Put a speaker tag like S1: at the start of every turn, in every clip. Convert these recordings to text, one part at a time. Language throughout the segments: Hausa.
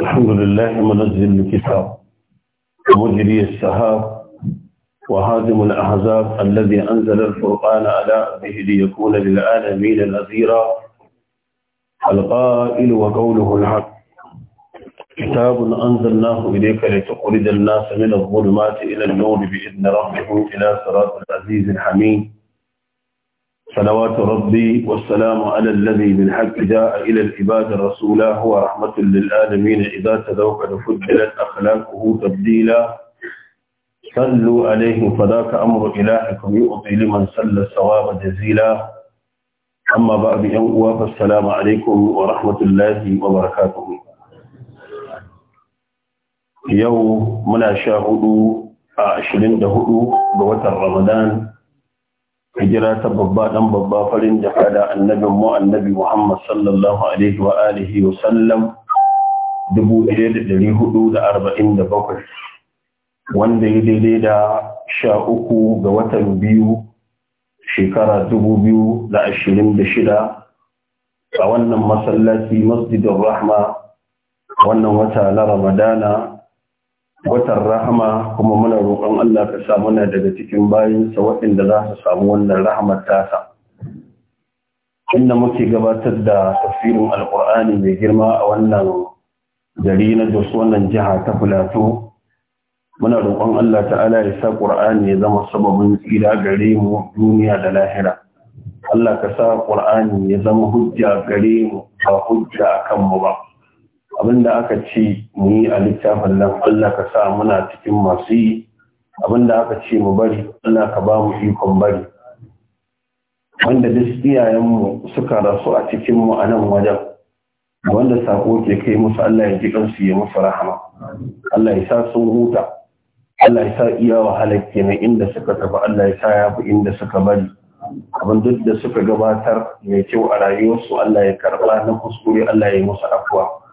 S1: الحمد لله منزل الكتاب مجري السحاب وهادم الأحزاب الذي أنزل الفرقان على به ليكون للعالمين نذيرا القائل وقوله الحق كتاب أنزلناه إليك لتخرج الناس من الظلمات إلى النور بإذن ربهم إلى صراط العزيز الحميد صلوات ربي والسلام على الذي بالحق جاء إلى العباد رسولا هو رحمة للآلمين إذا تذوق فجلت أخلاقه تبديلا صلوا عليه فذاك أمر إلهكم يؤطي لمن صلى الصواب جزيلا أما بعد أنقوا فالسلام عليكم ورحمة الله وبركاته يوم منا شاهدوا آه، عشرين دهدو بوتر رمضان hijira ta babba dan babba farin jaka da annabin mu annabi Muhammad sallallahu alaihi wa alihi wa sallam 1447 wanda ya daidai da 13 ga watan biyu shekara 2026 a wannan masallaci masjidin rahma wannan wata na ramadana watan rahama kuma muna roƙon Allah ka sa muna daga cikin bayansa waɗanda za su samu wannan rahamar tasa. Inda muke gabatar da tafsirin Alƙur'ani mai girma a wannan gari na Jos wannan jiha ta Filato, muna roƙon Allah ta'ala ya sa Ƙur'ani ya zama sababin tsira gare mu duniya da lahira. Allah ka sa Ƙur'ani ya zama hujja gare mu ba hujja a kanmu ba. abinda aka ce mu yi a littafin nan Allah ka sa muna cikin masu yi abinda aka ce mu bari Allah ka ba mu ikon bari wanda duk iyayenmu suka rasu a cikinmu a nan wajen wanda sako ke kai musu Allah ya ji kansu ya musu rahama Allah ya sa sun huta Allah ya sa iya wahalar kenan inda suka tafi Allah ya sa ya fi inda suka bari abin duk da suka gabatar mai kyau a rayuwarsu Allah ya karɓa na kuskure Allah ya yi musu afuwa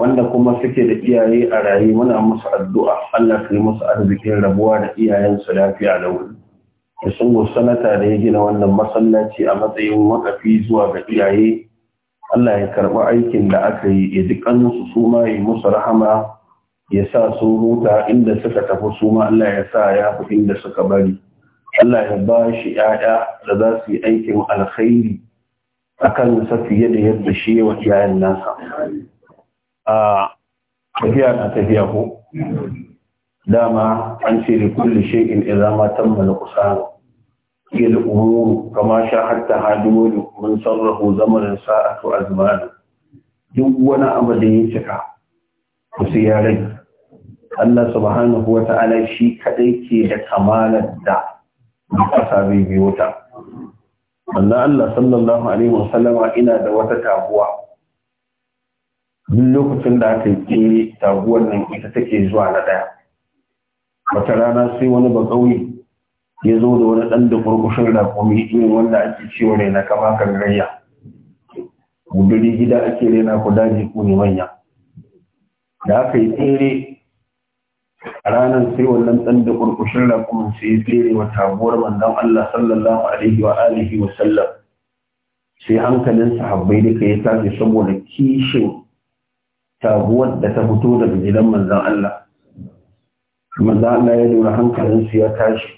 S1: wanda kuma suke da iyaye a raye muna musu addu'a Allah ka yi musu arzikin rabuwa da iyayensu lafiya da wuri Ya sun sanata da ya gina wannan masallaci a matsayin wakafi zuwa ga iyaye Allah ya karɓi aikin da aka yi ya ji kansu su ma yi musu rahama ya sa su huta inda suka tafi su ma Allah ya sa ya fi inda suka bari Allah ya ba shi ‘ya'ya da za su yi aikin alkhairi a kan fiye da yadda shi wa iyayen nasa. a tafiya na tafiya ko dama an ce da kulle shekin idza ma tammala qusana yal umuru kama sha hatta hadimu mun sarrahu zamanin sa'atu azmanu duk wani abu da ya cika ku sai ya rage Allah subhanahu wa ta'ala shi kadai ke da kamalar da kasa bai biyo ta. Allah sallallahu alaihi wasallama ina da wata taguwa duk lokacin da aka yi taguwar nan ita take zuwa na ɗaya wata rana sai wani ba ƙauye ya zo da wani ɗan da kurkushin raƙumi ne wanda ake cewa rai na kama kan rayya guduri gida ake rena ku daji ku ne manya da aka yi tsere a ranar sai wannan ɗan da kurkushin raƙumin sai ya tsere wa taguwar mandan Allah sallallahu alaihi wa alihi wa sai hankalin sahabbai duka ya tashi saboda kishin taguwar da ta fito daga gidan manzan Allah manzan Allah ya lura hankalinsu ya tashi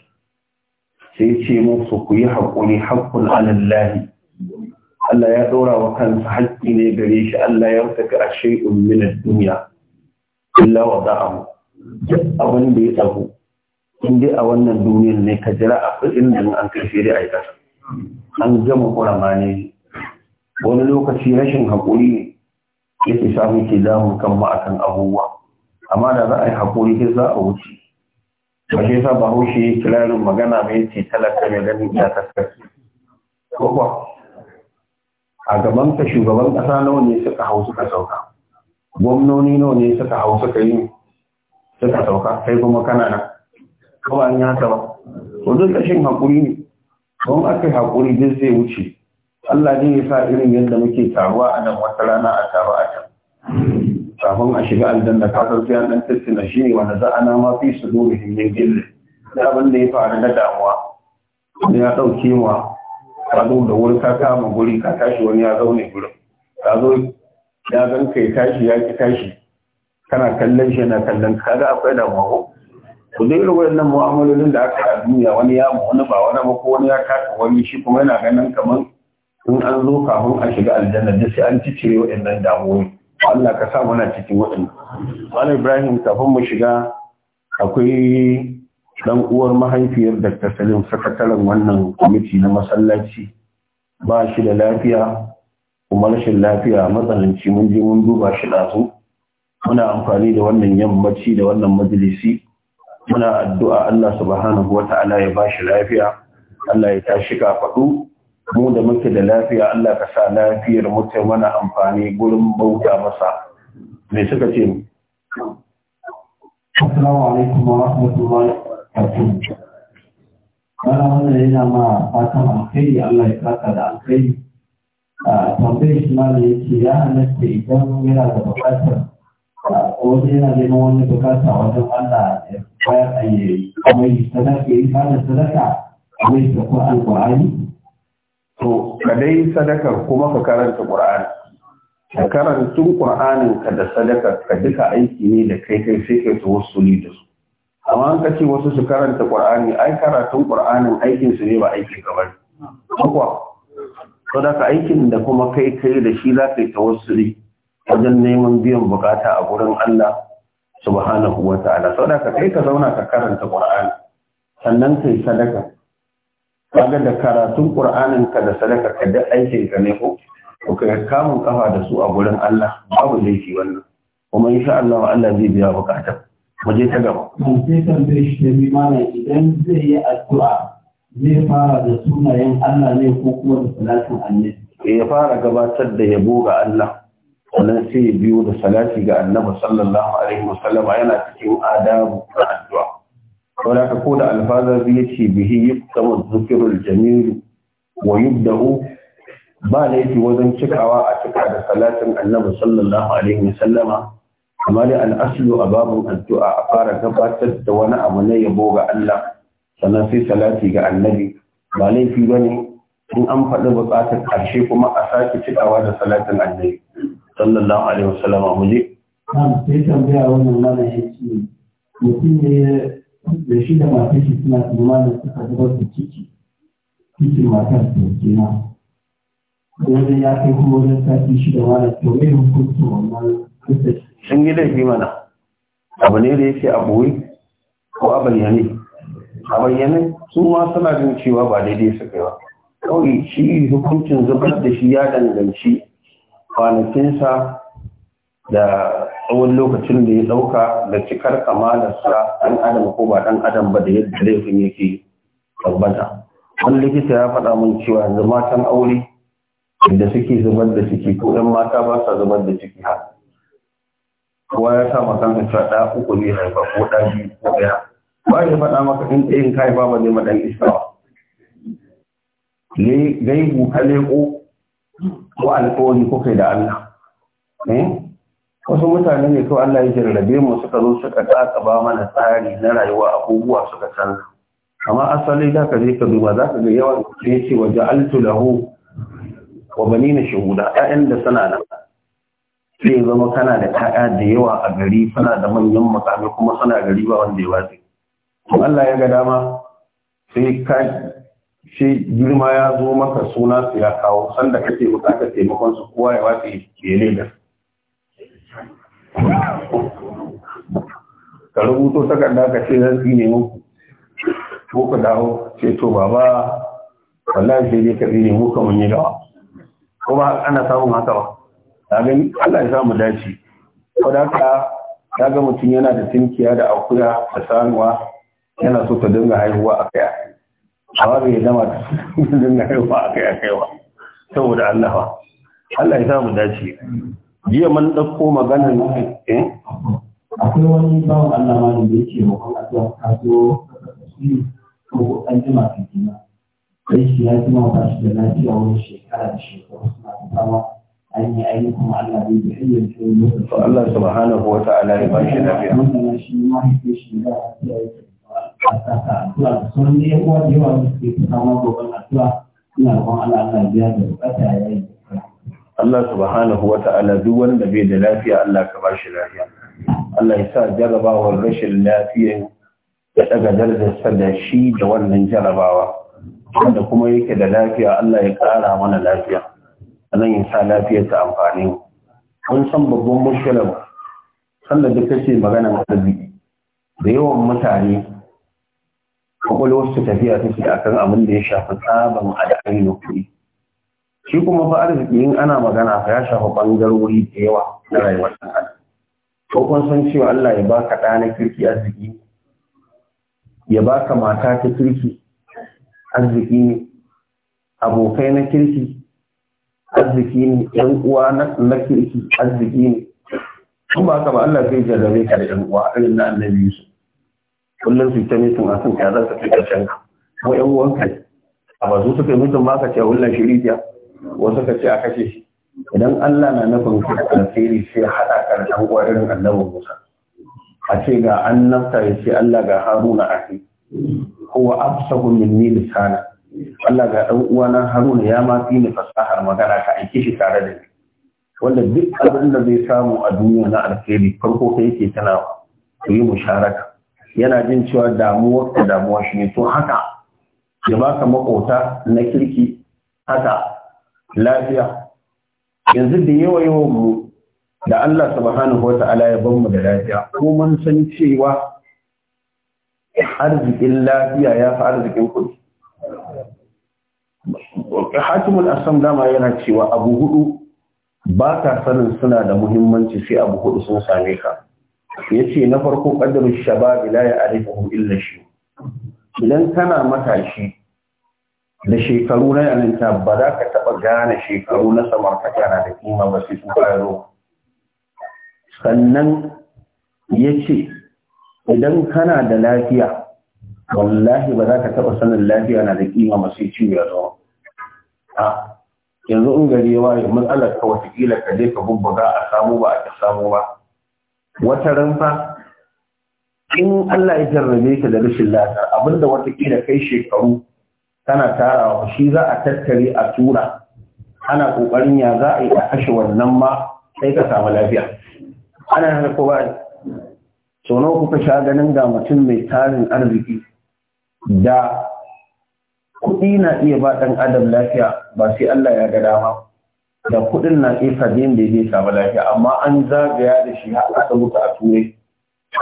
S1: sai ce musu ku yi haƙuri haƙƙun alallahi Allah ya ɗora wa kansa haƙƙi ne gare shi Allah ya tafi a shai'un minar duniya illa wa za'ahu duk abin da ya tsago in dai a wannan duniyar ne ka jira a fi'in da an kai shi a yi ƙasa an gama ƙurama ne wani lokaci rashin haƙuri ne yake shafi ke damun kan ma'akan akan abubuwa amma da za a yi haƙuri ke za a wuce ba shi ba haushe kirarin magana mai ce talaka mai ganin ya taskaki ko ba a gaban ka shugaban ƙasa nawa ne suka hau suka sauka gwamnoni nawa ne suka hau suka yi suka sauka kai kuma kana nan kawai an yi haka ba to duk kashin haƙuri ne don aka yi haƙuri duk zai wuce Allah ne ya sa irin yadda muke taruwa a nan wata rana a taruwa a kafin a shiga aljanna ka san sai an dan tattauna shi ne wanda za a nama fi su dole himmin gilli da abin da ya faru na damuwa wani ya ɗauke wa ka zo da wurin ka kama guri ka tashi wani ya zaune gurin ka zo ya gan kai tashi ya ki tashi kana kallon shi yana kallon ka ga akwai damuwa ko ku dai irin wannan mu'amalolin da aka a duniya wani ya mu wani ba wani ba ko wani ya taka wani shi kuma yana ganin kamar in an zo kafin a shiga aljanna da sai an cire wa'annan damuwoyi Allah ka sa cikin waɗanda. Malam Ibrahim kafin mu shiga akwai dan uwar mahaifiyar Dr. Salim sakataren wannan kwamiti na masallaci ba shi da lafiya kuma rashin lafiya matsananci mun je mun duba shi ɗazu. Muna amfani da wannan yammaci da wannan majalisi muna addu'a Allah subhanahu wa ta'ala ya ba shi lafiya, Allah ya tashi kafaɗu, mu da muke da lafiya Allah ka sa lafiyar mu ta mana amfani gurin bauta masa me suka ce mu Assalamu alaikum wa rahmatullahi wa barakatuh. Bara wannan yana ma fatan alkhairi Allah ya saka da alkhairi. Tambayar shi ma ne yake ya halatta idan yana da bukatar wani yana neman wani bukata wajen Allah ya bayar a yi kamar sadaka ya yi sadaka kamar ta ko alƙur'ani to ka dai sadakar kuma ka karanta qur'ani ka karantun qur'anin ka da sadakar ka duka aiki ne da kai kai sai kai tawassuli da su amma an kace wasu su karanta qur'ani ai karatun qur'anin aikin su ne ba aikin ka ba akwa to da ka aikin da kuma kai kai da shi za ka yi tawassuli wajen neman biyan bukata a gurin Allah subhanahu wa ta'ala sau ka kai ka zauna ka karanta qur'ani sannan kai sadaka kaga da karatun qur'anin ka da sadaka ka da aikin ka ne ko to ka kamun kafa da su a gurin Allah babu laifi wannan kuma insha Allah Allah zai biya bukatar mu je ta gaba mun sai tambaye shi da mana idan zai yi addu'a zai fara da sunayen Allah ne ko kuma da salatin annabi eh, ya fara gabatar da yabo ga Allah wannan sai ya biyo da salati ga annabi sallallahu alaihi wasallam yana cikin adabu da addu'a wala ka koda alfaza biyu ce bihi yuktamu zikirul Jamilu wa yubdahu ba laifi wajen cikawa a cika da salatin annabi sallallahu alaihi wasallama kamar al'aslu a babun addu'a a fara gabatar da wani abu na yabo ga Allah sannan sai salati ga annabi ba laifi ba ne in an faɗi buƙatar ƙarshe kuma a sake cikawa da salatin annabi sallallahu alaihi wasallama mu je. Sai tambaya wannan mana ya mutum ne da shi da matar shi suna tsammanin suka zubar da ciki cikin matar da kenan wajen ya kai kuma wajen sati shi da wani to mai hukuncin wannan kusa sun yi laifi mana abu ne da yake a ɓoye ko a bayyane a bayyane su ma suna jin cewa ba daidai su kai ba kawai shi hukuncin zubar da shi ya danganci kwanakinsa da tsawon lokacin da ya ɗauka da cikar kamalarsa ɗan adam ko ba ɗan adam ba da yadda laifin yake tabbata wani likita ya faɗa min cewa yanzu matan aure da suke zubar da ciki ko ɗan mata ba sa zubar da ciki ha kowa ya sa ma kanka cewa ɗa uku ne haifa ko ɗa biyu ko ɗaya ba ya faɗa maka in ɗayan ka haifa ba zai ɗan iskawa gaibu ka leƙo ko alƙawari ko kai da Allah eh? wasu mutane ne kawai Allah ya jarrabe mu suka zo suka tsaka ba mana tsari na rayuwa abubuwa suka canza amma asali da ka je ka duba za ka ga yawan ce ce wa ja'altu lahu wa banina shuhuda ƴaƴan da sana nan sai zama kana da ta'a da yawa a gari suna da manyan mutane kuma suna gari ba wanda ya wace Allah ya ga dama sai ka shi girma ya zo maka suna su ya kawo sanda kake buƙatar taimakon su kowa ya wace ke ne da ka rubuto takarda ka ce zan tsine muku ko ka dawo ce to baba wallahi sai dai ka tsine muku mun yi dawa ko ba ana samun haka ba ta gani Allah ya samu dace ko da haka ta ga mutum yana da tinkiya da akuya da sanuwa yana so ta dinga haihuwa a kai amma bai zama ta dinga haihuwa a kai a kai ba saboda Allah ba Allah ya samu dace jiya mun magana maganar eh akwai wani bawan Allah ma da yake roƙon addu'a ka zo ko an jima ka kina kai shi ya jima ba shi da lafiya wani shekara da shekaru suna ta fama an yi ayi kuma Allah bai da iya ce musu to Allah subhanahu wa ta'ala ya ba shi lafiya wannan shi ma yake shi da lafiya yake a saka addu'a da sauran ne yawa da yawa suke fama roƙon addu'a ina roƙon Allah Allah ya biya da bukata ya yi Allah subhanahu wa ta'ala duk wanda bai da lafiya Allah ka bashi lafiya Allah ya sa jarabawar rashin lafiya ya ɗaga darajarsa da shi da wannan jarabawa wanda kuma yake da lafiya Allah ya ƙara mana lafiya anan ya sa lafiyar ta amfani kun san babban mushkilar sannan duk kace maganar arziki da yawan mutane kwakwalwar su tafiya take akan abin da ya shafi tsaban al'ainu kuɗi shi kuma fa arziki in ana magana ya shafa bangarori da yawa na rayuwar ɗan adam ko kun san cewa Allah ya baka ɗa na kirki arziki ya baka mata ta kirki arziki ne abokai na kirki arziki ne ɗan uwa na kirki arziki ne kun ba ka ba Allah zai jarrabe ka da ɗan uwa irin na annabi su? kullum su ta mutum a kan ya za ka fi ƙarshen ka ko ƴan uwanka a ba su suka mutum ba ka ce wannan shiriya wasu ka ce a kashe shi idan Allah na nufin da alheri sai haɗa karshen ƙwarin annabin Musa a ce ga nafta ya ce Allah ga Haruna a kai kowa afsahu ni lisana Allah ga ɗan uwana Haruna ya ma fi ni fasahar magana ka aiki shi tare da ni wanda duk abin da zai samu a duniya na alheri farko kai yake tana ku yi musharaka yana jin cewa damuwar ka damuwa shi ne to haka ya baka makota na kirki haka lafiya yanzu da yawa yawan mu da Allah subhanahu wa ta'ala ya ban da lafiya ko mun san cewa arzikin lafiya ya fi arzikin kuɗi hakimul asam dama yana cewa abu hudu ba ka sanin suna da muhimmanci sai abu hudu sun same ka ya ce na farko ƙaddarin shabab la ya arifahu illa shi idan kana matashi da shekaru na yalinta ba za ka taɓa gane shekaru na samartaka na da kima ba su sun sannan ya ce idan kana da lafiya wallahi ba za ka taɓa sanin lafiya na da kima ba sai ciwo ya zo a yanzu in gari ya yi matsalar ka watakila ka je ka bubbuga a samu ba a ka samu ba wata ranfa in Allah ya jarrabe ka da rashin lafiya abinda watakila kai shekaru tana tarawa shi za a tattare a tura ana kokarin ya za a yi a kashe wannan ma sai ka samu lafiya ana haka ko ba sau nawa kuka sha ganin ga mutum mai tarin arziki da kuɗi na iya ba ɗan adam lafiya ba sai Allah ya ga dama da kuɗin na iya fadin da zai samu lafiya amma an zagaya da shi har aka mutu a turai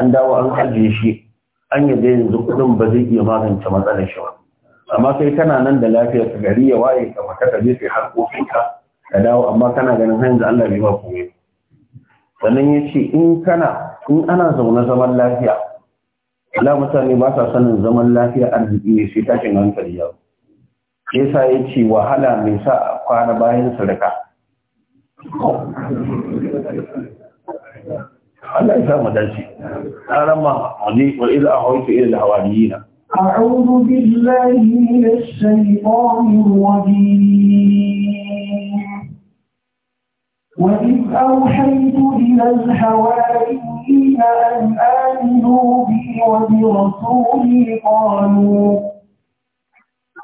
S1: an dawo an ajiye shi an yadda yanzu kuɗin ba zai iya magance matsalar shi ba amma kai kana nan da lafiyar ka gari ya waye ka maka da je har harkokin ka ka dawo amma kana ganin hanyar da Allah bai ba komai sannan ya ce in kana in ana zaune zaman lafiya Allah mutane ba sa sanin zaman lafiya arziki ne sai tashin hankali yau sa ya ce wahala mai sa a kwana bayan sadaka Allah ya sa mu dace. Ƙaran ma, waje, wa iza a hauki irin hawariyina. أعوذ
S2: بالله من الشيطان الرجيم وإذ أوحيت إلى الحواريين أن آمنوا بي وبرسولي قالوا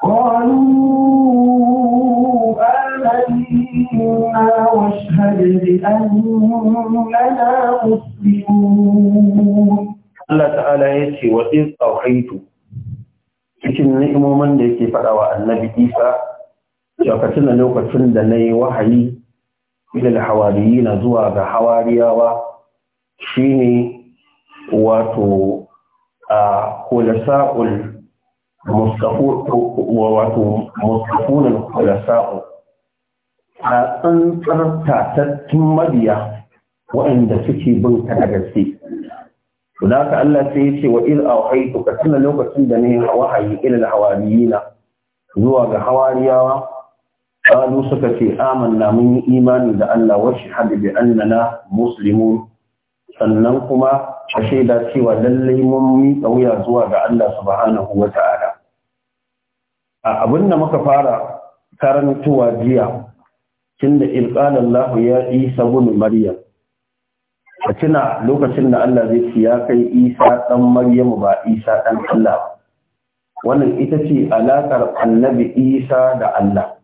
S2: قالوا آمنا واشهد بأننا مسلمون
S1: الله تعالى يأتي وإذ أوحيت cikin ni'imomin da yake faɗa wa annabi isa lokacin da lokacin da na yi wahayi ilal na zuwa ga hawariyawa shine wato a kulasa'ul wato mustafunan kulasa'u a tsantsar tatattun mabiya waɗanda suke bin ta da gaske to da aka Allah sai ya ce wa iz awhaytu ka tuna lokacin da ne wahayi ila hawariyina zuwa ga hawariyawa qalu suka ce na mun yi imani da Allah wa shahada bi annana muslimun sannan kuma a shaida cewa lallai mun miƙa zuwa ga Allah subhanahu wa ta'ala abin da muka fara karantuwa jiya tun da ilƙalallahu ya isa bin maryam a tuna lokacin da Allah zai ci ya kai isa ɗan maryamu ba isa ɗan Allah wannan ita ce alaƙar annabi isa da Allah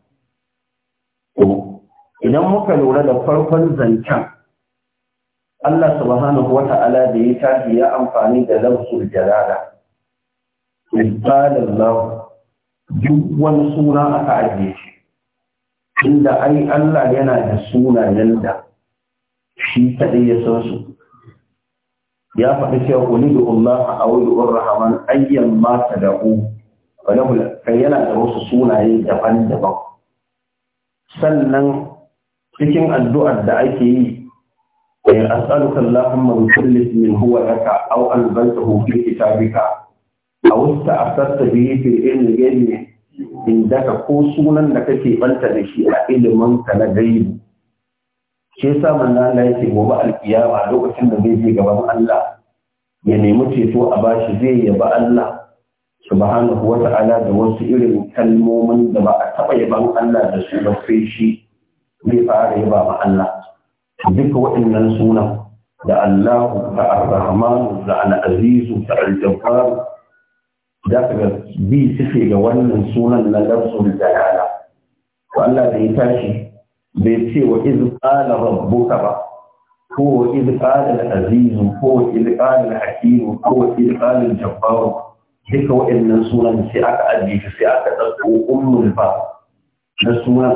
S1: idan muka lura da farkon zancen Allah subhanahu wata'ala da ya tafi ya amfani da lafsul jalala ibadallah duk wani suna aka ajiye shi inda ai Allah yana da sunayen da shi kaɗai ya san su ya faɗi cewa kuni da Allah a Rahman ayyan ma ta da'u kai yana da wasu sunaye daban-daban sannan cikin addu'ar da ake yi ya as'aluka Allahumma bi kulli min huwa laka aw albaltahu fi kitabika aw ista'athta bihi fi ilmi indaka ko sunan da kake banta da shi a ilimin ka na gaibi Ke yasa manzo Allah yake gobe alkiyama lokacin da zai je gaban Allah ya nemi ceto a bashi zai yaba Allah subhanahu wa ta'ala da wasu irin kalmomin da ba a taba yaban Allah da su ba sai shi zai fara yaba ma Allah duka waɗannan sunan da Allahu da ar da Al-Aziz da al da kaga bi sife ga wannan sunan na lafzul da to Allah da ya tashi bai ce wa iz qala rabbuka ba ko wa iz qala ko wa iz qala ko wa iz qala al-jabbar duka sunan sai aka ajiye sai aka dauko ummul ba na suna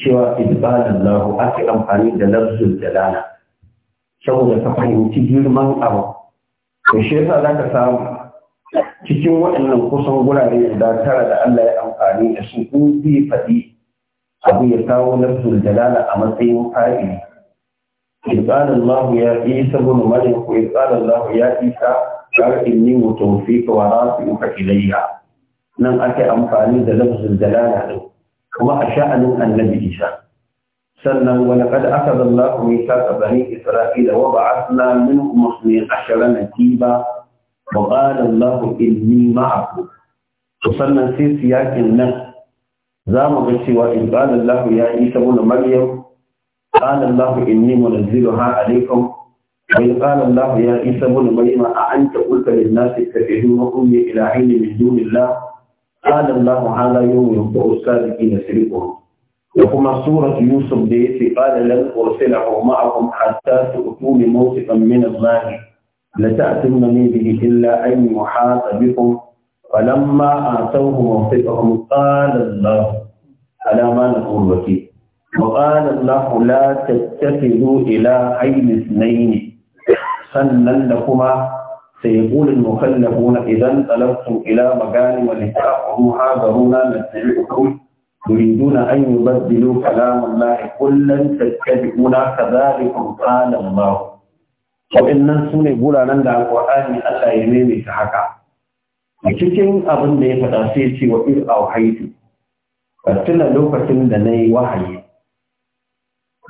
S1: cewa idbalan lahu ake amfani da lafzul jalala saboda ta fahimci girman abu to shi yasa ka samu cikin waɗannan kusan gurare da tara da Allah ya amfani da su in bi faɗi abu ya kawo nafsul jalala a matsayin fa'ili irqalan Allah ya isa ibn maryam ko irqalan Allah ya isa kar ka wara su yi ilayya nan ake amfani da lafzul jalala din kuma a sha'anin annabi isa sannan wani kada aka zalla ku yi saka da isra'ila wa ba'athna minhum musni ashara natiba wa qala allah inni ma'akum to sannan sai yakin nan za mu ga cewa in qala Allah ya isa ibn Maryam qala Allah inni munazziluha alaykum wa in qala Allah ya yi isa ibn Maryam a anta qulta lin nasi tafihu ummi ila ayni min dunillah qala Allah hala yawm yuqu sadiqina sirqu da kuma surat Yusuf da ya yace qala lan ursilahu ma'akum hatta tu'tuni mawthiqan min Allah la ta'tunni bihi illa an yuhata bikum فلما آتوه موثقهم قال الله على ما نقول وكيل وقال الله لا تتخذوا إلى عين اثنين سنن لكما سيقول المكلفون إذا انطلقتم إلى مكان ولتأخذوها ذرونا نتبعكم يريدون أن يبدلوا كلام الله قل لن تتبعونا كذلك قال الله وإن سنة قولا نندع القرآن ألا يميمك حكا cikin abin da ya faɗa sai ce wa ir a haitu a tuna lokacin da na yi wahayi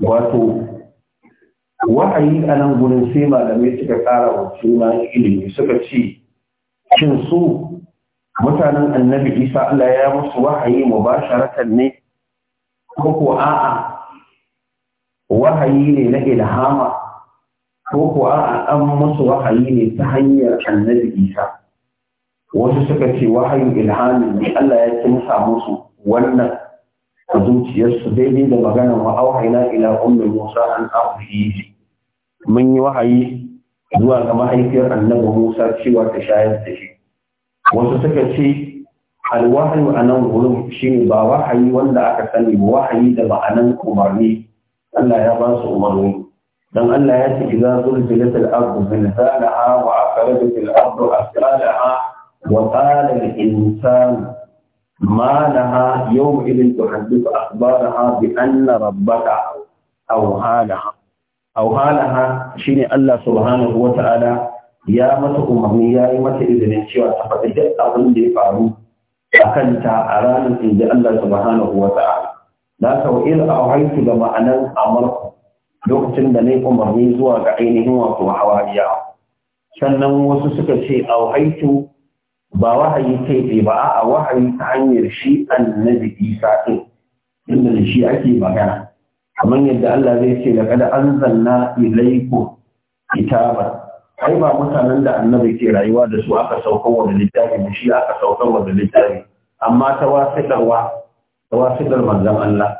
S1: wato wahayi a nan gudun sai malamai suka ƙara wa suna ilimi suka ce shin su mutanen annabi isa Allah ya musu wahayi mu ba ne ko ko a'a wahayi ne na ilhama ko ko a'a an musu wahayi ne ta hanyar annabi isa wasu suka ce wahayin ilhamin ne Allah ya kinsa musu wannan a zuciyarsu daidai da maganar wa auhayna ila ummi Musa an ahihi mun yi wahayi zuwa ga mahaifiyar annabi Musa cewa ta shayar da shi wasu suka ce alwahayu a nan gurin shine ba wahayi wanda aka sani ba wahayi da ma'anan umarni Allah ya ba su umarni dan Allah ya ce idza zulzilatil ardu zilzalaha wa akhrajatil ardu asqalaha وقال الإنسان ما لها يومئذ تحدث أخبارها بأن ربك أوها لها أوها لها شيني الله سبحانه وتعالى يا مت أمهي يا مت إذن شوى تفقد أظن دي فارو أكنت أران إن الله سبحانه وتعالى لا سوئل أوحيت لما أنا أمركم lokacin da na yi umarni zuwa ga ainihin wato hawariya sannan wasu suka ce auhaitu ba wahayi kai tsaye ba a wahayi ta hanyar shi annabi isa ɗin inda da shi ake magana kamar yadda Allah zai ce da kada an zanna ilaiku kitaban ai ba mutanen da annabi ke rayuwa da su aka saukar wa da littafi da shi aka saukar wa da littafi amma ta wasiɗarwa ta wasiɗar manzon Allah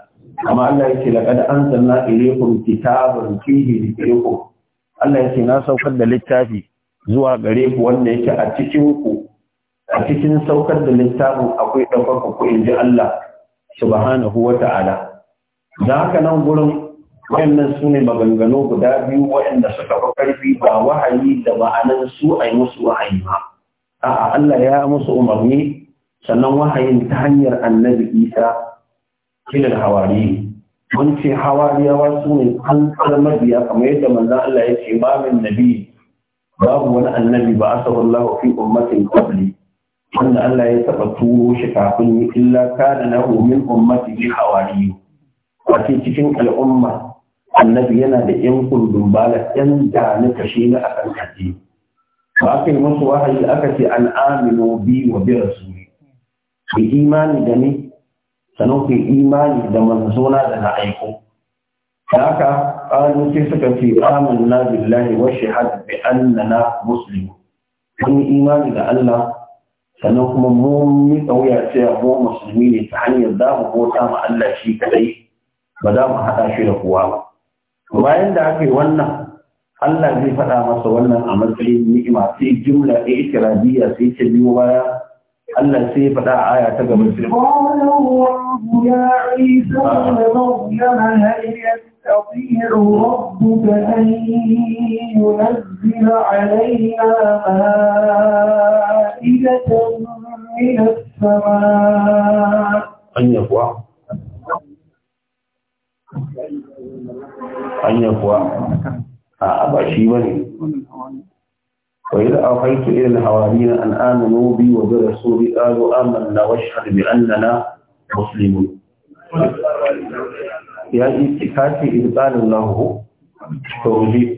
S1: amma Allah yake da kada an zanna ilaikum kitaban fihi dhikrukum Allah yake na saukar da littafi zuwa gare ku wanda yake a cikin ku a cikin saukar da littafin akwai ɗaukaka ku in ji Allah subhanahu wa ta'ala Za ka nan gurin wayannan su ne maganganu guda biyu wayanda suka fi ƙarfi ba wahayi da ma'anan su a yi musu wahayi ba a'a Allah ya musu umarni sannan wahayin ta hanyar annabi Isa kilal hawari mun ce hawariyawa su ne an mabiya kamar yadda manzan Allah ya ce ba min nabi babu wani annabi ba asallallahu fi ummatin qabli wanda Allah ya taɓa turo shi kafin illa kana lahu min ummatihi hawariyu wace cikin al'umma annabi yana da yan kundun bala yan da na kashe na akan kaje ba aka yi musu wahayi aka ce an aminu bi wa bi rasuli ku imani da ni sannan ku imani da manzona da na aiko da haka ƙalu sai suka ce amanna billahi wa shahada bi annana muslimu kun imani da Allah sannan kuma mu miƙa wuya cewa mu musulmi ne ta hanyar za mu bota ma Allah shi kadai ba za mu haɗa shi da kowa ba bayan da aka yi wannan Allah zai faɗa masa wannan a matsayin ni'ima sai jumla ɗaya ikiradiyya sai ta biyo baya Allah sai ya faɗa a aya ta gaba sai
S2: ya Isa ibn يستطيع ربك أن ينزل علينا مائدة من السماء أن يقوى أن يقوى
S1: آه، أبا شيبني وإذا أوحيت إلى الحواريين أن آمنوا بي وبرسولي قالوا آمنا واشهد بأننا مسلمون يا إتكاتي إذ قال الله توجيه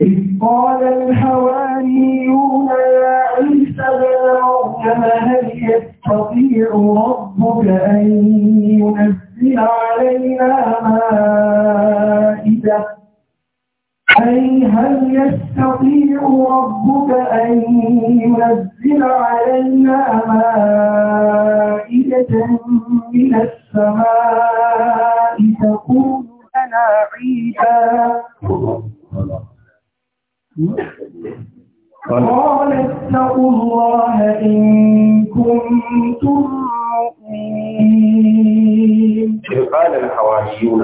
S1: إذ
S2: قال الحواريون يا عيسى بن مريم هل يستطيع ربك أن ينزل علينا مائدة أي هل يستطيع ربك أن ينزل علينا مائدة من السماء تكون لنا عيدا قال اتقوا الله إن كنتم مؤمنين
S1: قال الحواريون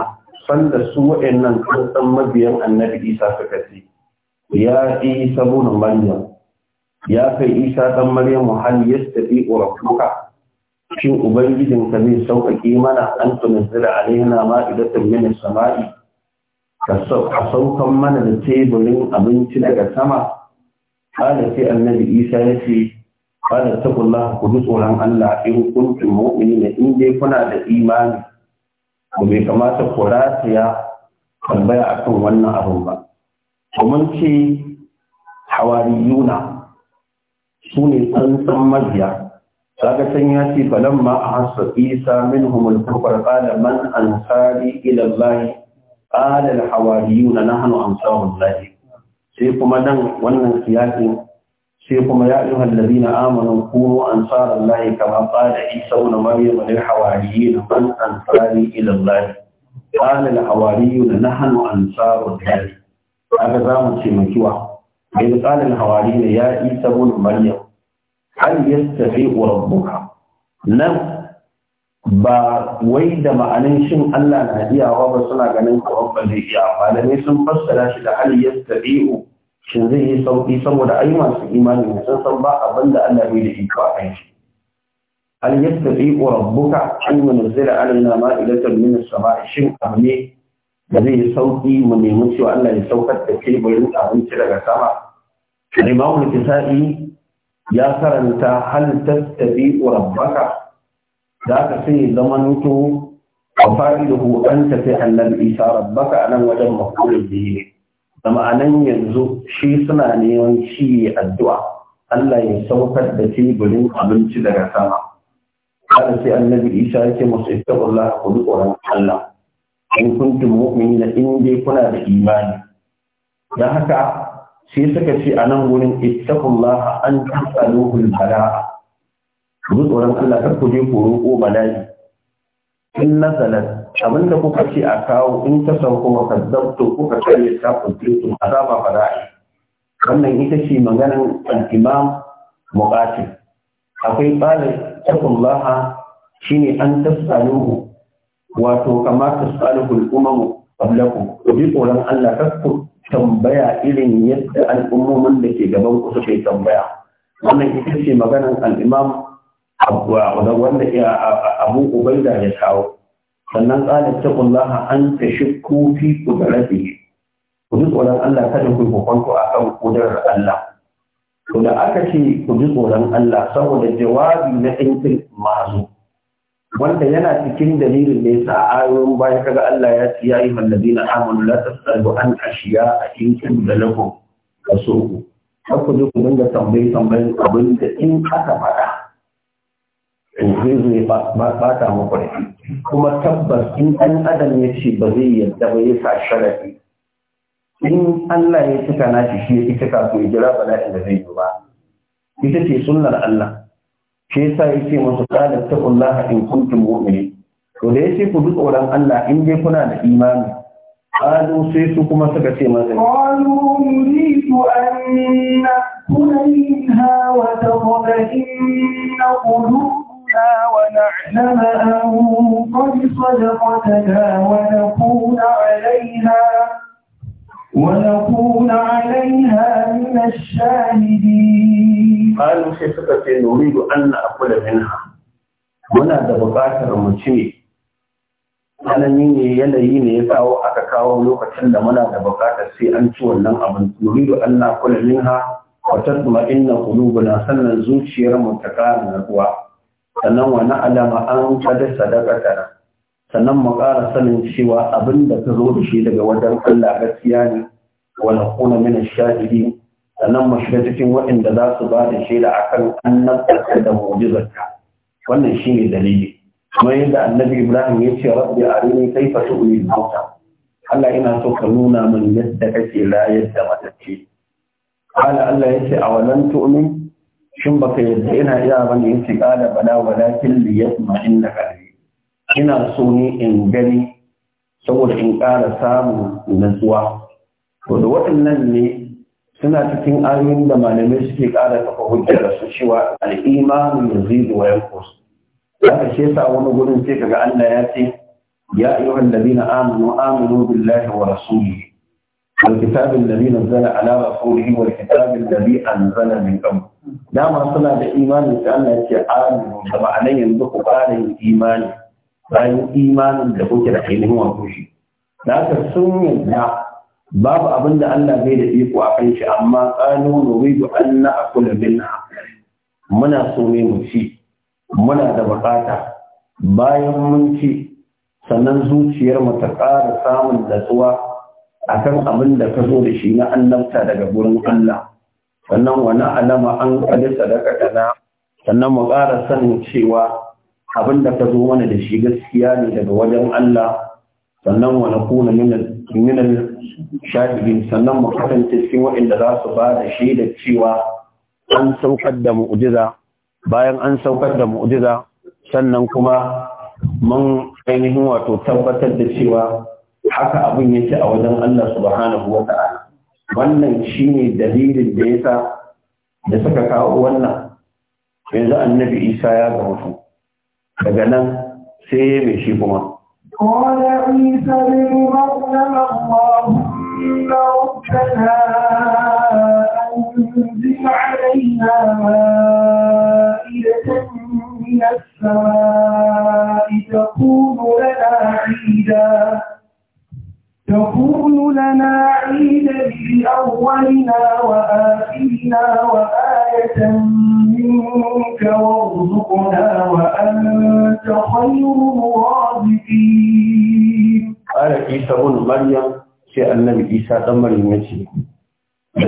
S1: sanda su waɗannan kansan mabiyan annabi isa suka ce ya isa bunan manyan. ya kai isa ɗan maryam hal yastati rabbuka shin ubangijin ka zai sauƙaƙe mana an tunzila alaina ma'idatan min samai ka saukan mana da teburin abinci daga sama Annabi قال في النبي عيسى يتي ku اتقوا tsoron allah in الله mumini ne in dai kuna da imani. ko bai kamata ku rataya tambaya akan wannan abin ba mun ce hawariyuna su ne tsantsan mabiya kaga can ya ce falamma a hasa isa min humul kufar qala man ansari ila allahi qala na hawariyuna nahnu ansarullah sai kuma nan wannan siyasin sai kuma ya ayyuha allazina amanu kunu ansarallahi kama qala isa ibn maryam lil hawariyin man ansari ila allah qala al hawariyun nahnu ansarullah za zamu ce makiwa bai qala al hawariyin ya isa ibn maryam hal yastafi rabbuka nan ba wai da ma'anin shin Allah na iyawa ba suna ganin ba zai iya malamai sun fassara shi da hal yastabi'u shin zai yi sauƙi saboda ai masu imani ne sun san ba abin da Allah bai da iko a kai shi hal yastati rabbuka an yunzila alaina ma'idatan min as-sama'i shin abu da zai yi sauƙi mu nemi cewa Allah ya saukar da teburin abinci daga sama al-imamu al-kisa'i ya karanta hal tastati rabbaka da ka sai zamanto wa fa'iluhu an tafi annal isa rabbaka anan wajen maqulun bihi da ma'anan yanzu shi suna neman ci addu'a Allah ya saukar da teburin abinci daga sama kada sai annabi Isa yake ita Allah ku tsoron Allah in kuntum na in dai kuna da imani Da haka sai suka ce a nan wurin Allah an tasaluhu al-bala'a ku tsoron Allah kar ku je ku roƙo bala'i in nazalat da kuka ce a kawo in ta san kuma ka zabto kuka kare ta kuntu azaba fara'i wannan ita ce maganan al-imam muqatil akwai qala shi shine an tasaluhu wato kama tasaluhu al-umam qablakum bi ƙoran Allah kakku tambaya irin yadda al'ummomin da ke gaban ku suke tambaya wannan ita ce maganan al-imam wanda abu ubaida ya kawo sannan tsalin taƙun laha an ta shi kofi ku da rabe ku ji tsoron Allah kada ku hukunku a kan kudurar Allah to da aka ce ku ji tsoron Allah saboda jawabi na ɗinkin masu wanda yana cikin dalilin ne a ayoyin baya kaga Allah ya ce ya yi mallabi na amanu la tasalu an ashiya a ɗinkin da lakum kaso ku ku ji ku dinga tambayi tambayin abin da in aka faɗa zai zo ya ta muku rai kuma tabbas in ɗan adam ya ce ba zai yadda ba ya sa sharafi in Allah ya cika na shi shi ya ka to ya jira bala'in da zai yi ba ita ce sunnar Allah shi yasa yake musu ta Allah in kuntum mu'mini to da yace ku duk wurin Allah in dai kuna da imani qalu sai su kuma suka ce masa
S2: qalu nuridu an nakuna minha wa taqbalinna qulub بأنفسنا ونعلم أن قد صدقتنا ونكون عليها ونكون عليها من الشاهدين
S1: قالوا شيء فقط نريد أن نأكل منها muna da buƙatar mu ce tsanani ne yanayi ne ya kawo aka kawo lokacin da muna da buƙatar sai an ci wannan abin nuridu Allah kula minha wa tatma inna qulubuna sannan zuciyar mu ta ƙara nutsuwa. sannan wani alama an kada sadaka kana sannan mu ƙara sanin cewa abin da ka zo da shi daga wajen Allah gaskiya ne wa nakuna min ash-shahidi sannan mu shiga cikin waɗanda za su ba da shaida akan annabta da mu'jizarka wannan shine dalili kuma yadda annabi Ibrahim ya ce rabbi arini kaifa tu'minu mauta Allah ina so ka nuna min yadda kake rayar da matacce. Hala Allah ya ce a tu'min shin baka yadda ina iya bane yace qala bala walakin li yasma'inna qalbi ina so ne in gani saboda in ƙara samun natsuwa to da waɗannan ne suna cikin ayoyin da malamai suke ƙara kafa hujjar su cewa al-imanu yazidu wa yanqus haka shi yasa wani gurin sai kaga Allah ya ce ya ayyuhal ladina amanu aminu billahi wa rasulihi الكتاب الذي نزل على رسوله والكتاب الذي أنزل من قبل دام صلى الإيمان لأن تعالى كما عليه ينطق قال الإيمان bayan imanin da kuke da ainihin wato shi da haka sun yadda babu abin da Allah bai da iko a kan shi amma tsano nuridu an na akula minha muna so ne mu ci muna da bukata bayan mun ci sannan zuciyar mu ta ƙara samun natsuwa akan abin da ka zo da shi na annabta daga gurin Allah sannan wani alama an kaji sadaka kana sannan mu ƙara sanin cewa abin da ka zo mana da shi gaskiya ne daga wajen Allah sannan wani kuna minal sannan mu kasance cikin waɗanda za su ba da shaida cewa an saukar da mu'jiza bayan an saukar da mu'jiza sannan kuma mun ainihin wato tabbatar da cewa haka abin yake a wajen Allah subhanahu wata'ala wannan shine dalilin da yasa da suka kawo wannan yanzu annabi Isa ya ga mutu daga nan sai ya mai shi kuma
S2: قال عيسى بن مريم اللهم ربنا أنزل علينا مائدة من السماء تكون لنا عيدا تكون لنا عيدا لأولنا وآخرنا وآية منك وارزقنا
S1: وأنت
S2: خير الرازقين
S1: قال عيسى بن مريم sai annabi isa dan maryam ya ce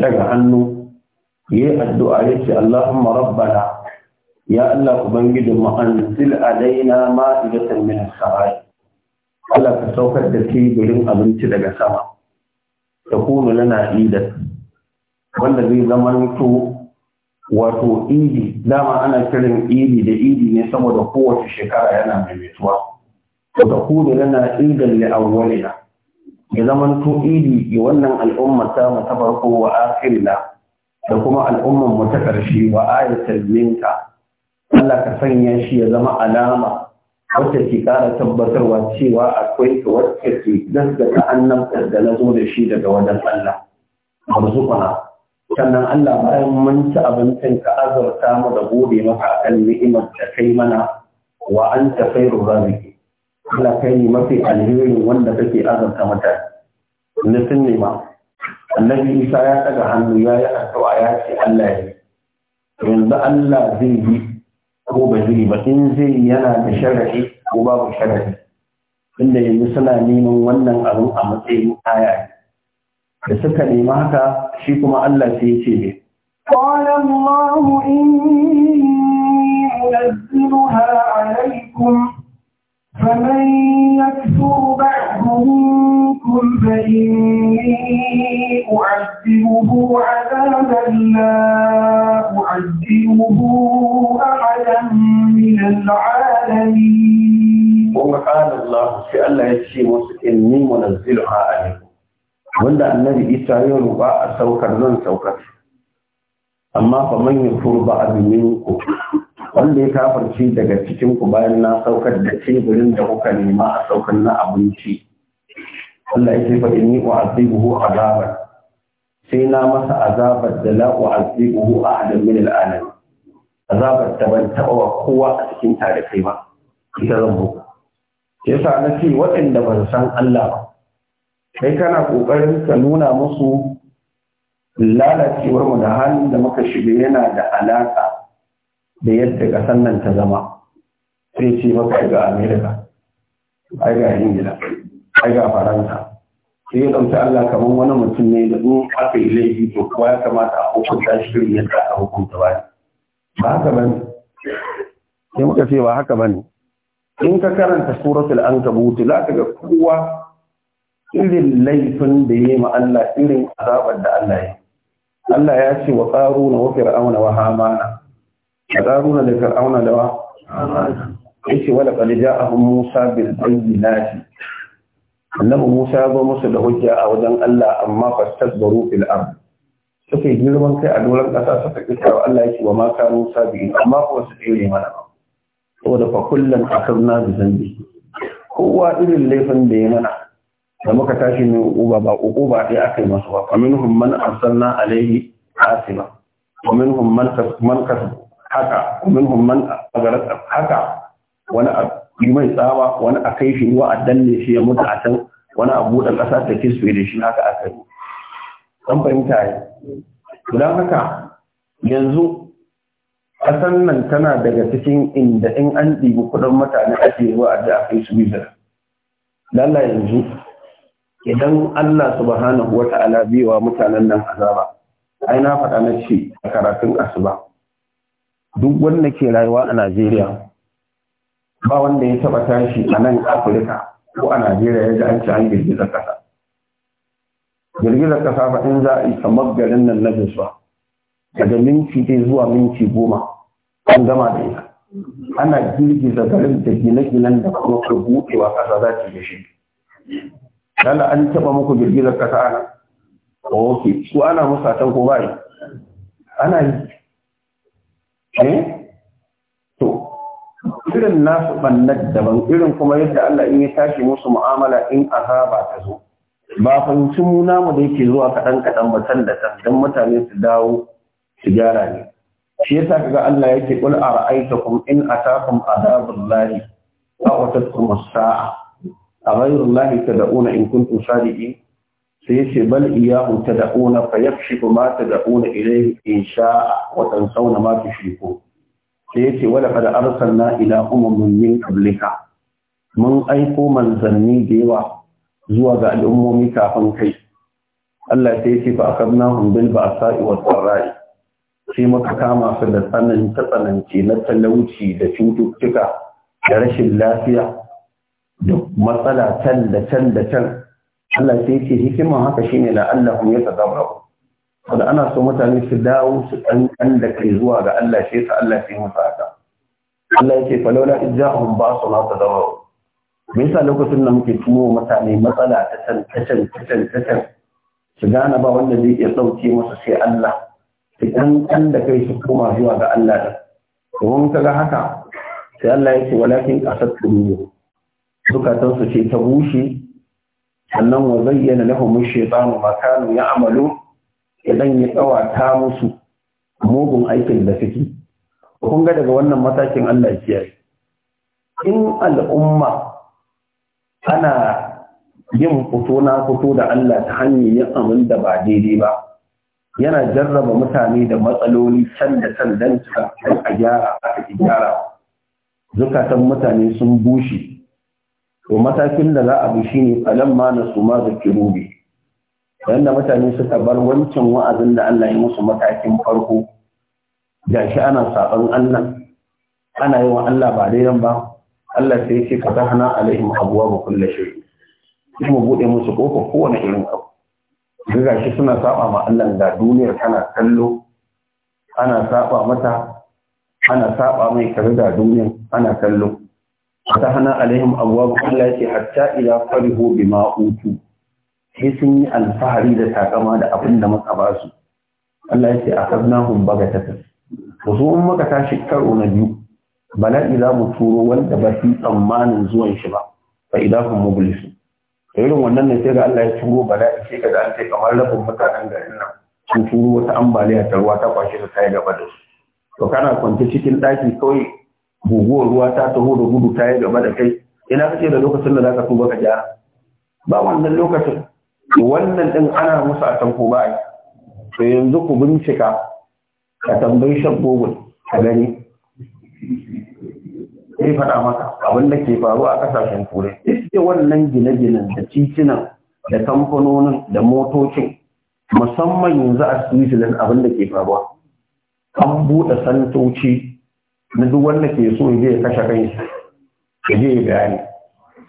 S1: daga hannu yayi addu'a yace Allahumma rabbana ya Allah ubangijin mu anzil alaina ma'idatan min Allah ka saukar da teburin abinci daga sama ta kuma lana idan wanda zai zama to wato idi dama ana kiran idi da idi ne saboda kowace shekara yana maimaituwa to Ta kuma lana idan li awwalina ya zama to idi ga wannan al'umma ta mata farko wa akhirina da kuma al'ummar mu ta ƙarshe, wa ayatul minka Allah ka sanya shi ya zama alama wacce ke ƙara tabbatarwa cewa akwai wacce ke gaskata annabtar da na zo da shi daga wajen Allah marzuqana sannan Allah bayan mun ci abincin ka azurta mu da gode maka kan ni'imar da kai mana wa anta khairu raziqi Allah kai ne mafi alherin wanda kake azurta mata nisin sun nema. annabi Isa ya daga hannu ya yi addu'a ya ce Allah ya yanzu Allah zai yi ko ba zai ba in zai yana da shara'i ko babu shara'i inda yanzu suna neman wannan abu a matsayin aya da suka nemi haka shi kuma Allah sai ya ce ne
S2: قال الله إني أنزلها عليكم فمن يكفر منكم فإني أعذبه عذابا لا أعذبه أحدا من العالمين
S1: وقال الله في الله يشي إني منزلها عليكم wanda annabi isa ya roba a saukar zan saukar amma fa man yafur ba abin ku wanda ya kafarci daga cikin ku bayan na saukar da teburin da kuka nema a saukar na abinci Allah ya fa inni u'azibuhu azaban sai na masa azabar da la u'azibuhu ahadan min al'alamin azabar da ban taɓa wa kowa a cikin tare kai ba ita zan buga yasa na ce waɗanda ban san Allah ba kai kana ƙoƙarin ka nuna musu lalacewar mu da halin da muka shiga yana da alaƙa da yadda ƙasar nan ta zama sai ce maka ga Amerika ai ga Ingila ai ga faranta sai ya dauki Allah kamar wani mutum ne da in aka yi laifi to kowa ya kamata a hukunta shi irin yadda a hukunta ba ba haka ba ne sai muka ce ba haka ba ne in ka karanta suratul ankabut za ka ga kowa irin laifin da ya yi ma Allah irin azabar da Allah ya Allah ya ce wa qaruna wa fir'auna wa hamana qaruna da fir'auna da wa hamana yace wala qad ja'ahum musa bil bayyinati annabi Musa ya zo musu da hujja a wajen Allah amma fastakbaru fil ard suka yi girman kai a doron ƙasa suka kira wa Allah yake wa ma Musa sabiin amma ko su tsere mana ba saboda fa kullum kullun akarna bi zambi kowa irin laifin da ya mana da muka tashi ne uba ba uku ba uba aka yi masu ba fa minhum man arsalna alaihi hasiba wa minhum man man haka wa minhum man haka wani abu yi mai tsawa wani a kai shi ruwa a danne shi ya mutu a can wani a buɗe ƙasa ta kiswe da shi haka a kai. Ɗan fahimta ya don haka yanzu ƙasar nan tana daga cikin inda in an ɗibi kuɗin mutane ake ruwa a da a kai su bizar lalla yanzu idan Allah subhanahu wa ta'ala biwa mutanen nan zaba, ai na faɗa na ce a karatun asuba duk wanda ke rayuwa a Najeriya ba wanda ya taba tashi a nan afirka ko a najeriya ya ji an ci an girgizar kasa girgizar kasa ba in za a yi kamar garin nan na bisuwa daga minti dai zuwa minti goma an gama da ita ana girgiza garin da gine-ginen da kuma ka buɗewa kasa za ta gashi lalla an taɓa muku girgizar kasa ana ok su ana musa can ko ba ana yi eh irin nasu ɓannar daban irin kuma yadda Allah in ya tashi musu mu'amala in azaba ta zo ba fahimci mu namu da yake zuwa kaɗan kaɗan ba can da can don mutane su dawo su gyara ne shi yasa kaga Allah yake qul kuma in atakum azabullahi a atakum as-sa'a aghayra ta da'una in kuntum sadiqin sai yace bal ta tad'una fayakshifu ma da'una ilayhi in sha'a wa sauna ma tushriku sai yace wala qad arsalna ila umamin min qablika mun aiko manzanni da yawa zuwa ga al'ummomi kafin kai Allah sai ba fa akabnahum bil ba'sa'i ba a sai muka kama su da tsananci tsananci na talauci da cututtuka da rashin lafiya da matsala can da can da can Allah sai yace hikiman haka shine la'allahum yatadabbaru wanda ana so mutane su dawo su ɗanɗan da kai zuwa ga Allah shi yasa Allah sai masa haka Allah yake falola ijahum ba su ma su dawo me yasa lokacin da muke tuno mutane matsala ta can ta can ta can ta can su gane ba wanda zai iya sauke masa sai Allah su ɗanɗan da kai su koma zuwa ga Allah da domin ga haka sai Allah yake walakin kasar qulubuhum zukatansu ce ta bushe sannan wa zayyana lahum ash-shaytanu ma ya ya'malu idan ya tsawata musu mugun aikin da suke kun ga daga wannan matakin Allah kiyaye in al'umma ana yin fito na fito da Allah ta hanyar yin amin da ba daidai ba yana jarraba mutane da matsaloli can da can dan a gyara a gyara zukatan mutane sun bushe to matakin da za a bi shine alamma na su ma da yadda mutane suka bar wancan wa'azin da Allah yi musu matakin farko da shi ana saɓan Allah ana yi wa Allah ba daidan ba Allah sai ce ka ta hana alaihim abuwa ba kulle shi kuma buɗe musu ƙofa kowane irin abu ga shi suna saɓa ma Allah da duniyar tana kallo ana saɓa mata ana saɓa mai kare da duniyar ana kallo ta hana alaihim abuwa ba kulle shi hatta ila farihu bima utu sai sun yi alfahari da takama da abin da muka ba su Allah ya ce a ta ta wasu in muka tashi karo na biyu bala'i za mu turo wanda ba su tsammanin zuwan shi ba fa idahum mublisu irin wannan ne sai ga Allah ya turo bala'i sai ga an sai kamar rabin mutanen garin nan sun turo wata ambaliya ta ruwa ta kwashe ta yi gaba da su to kana kwance cikin daki kawai guguwar ruwa ta taho da gudu ta yi gaba da kai ina kace da lokacin da za ka tuba ka gyara ba wannan lokacin wannan ɗin ana musu a tanko ba ai to yanzu ku bincika ka tambayi shan google ka gani sai faɗa maka abin da ke faruwa a ƙasashen turai iske wannan gine-ginen da titunan da kamfanonin da motocin musamman yanzu a switzerland abin da ke faruwa an buɗe santoci na duk wanda ke so ya je ya kashe kansa ya je ya bayani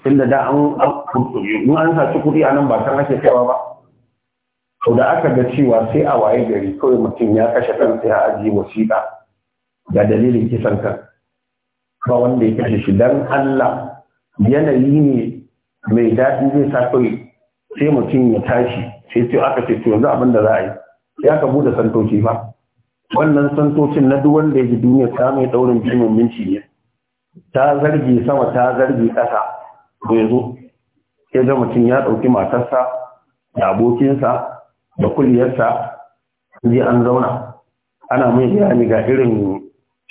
S1: inda da an mun an sa kuɗi a nan ba san ake kaiwa ba to da aka ga cewa sai a waye gari kawai mutum ya kashe sai ya ajiye wasiƙa ga dalilin kisan kan ba wanda ya kashe shi dan Allah yanayi ne mai daɗi zai sa kawai sai mutum ya tashi sai ce aka ce to yanzu abin da za a yi ya ka bude santoci fa wannan santocin na duk wanda ya ji duniya ta mai daurin jimin minci ne ta zargi sama ta zargi ƙasa ko ya zo ya ga mutum ya ɗauki matarsa da abokinsa da kuliyarsa je an zauna ana mai bayani ga irin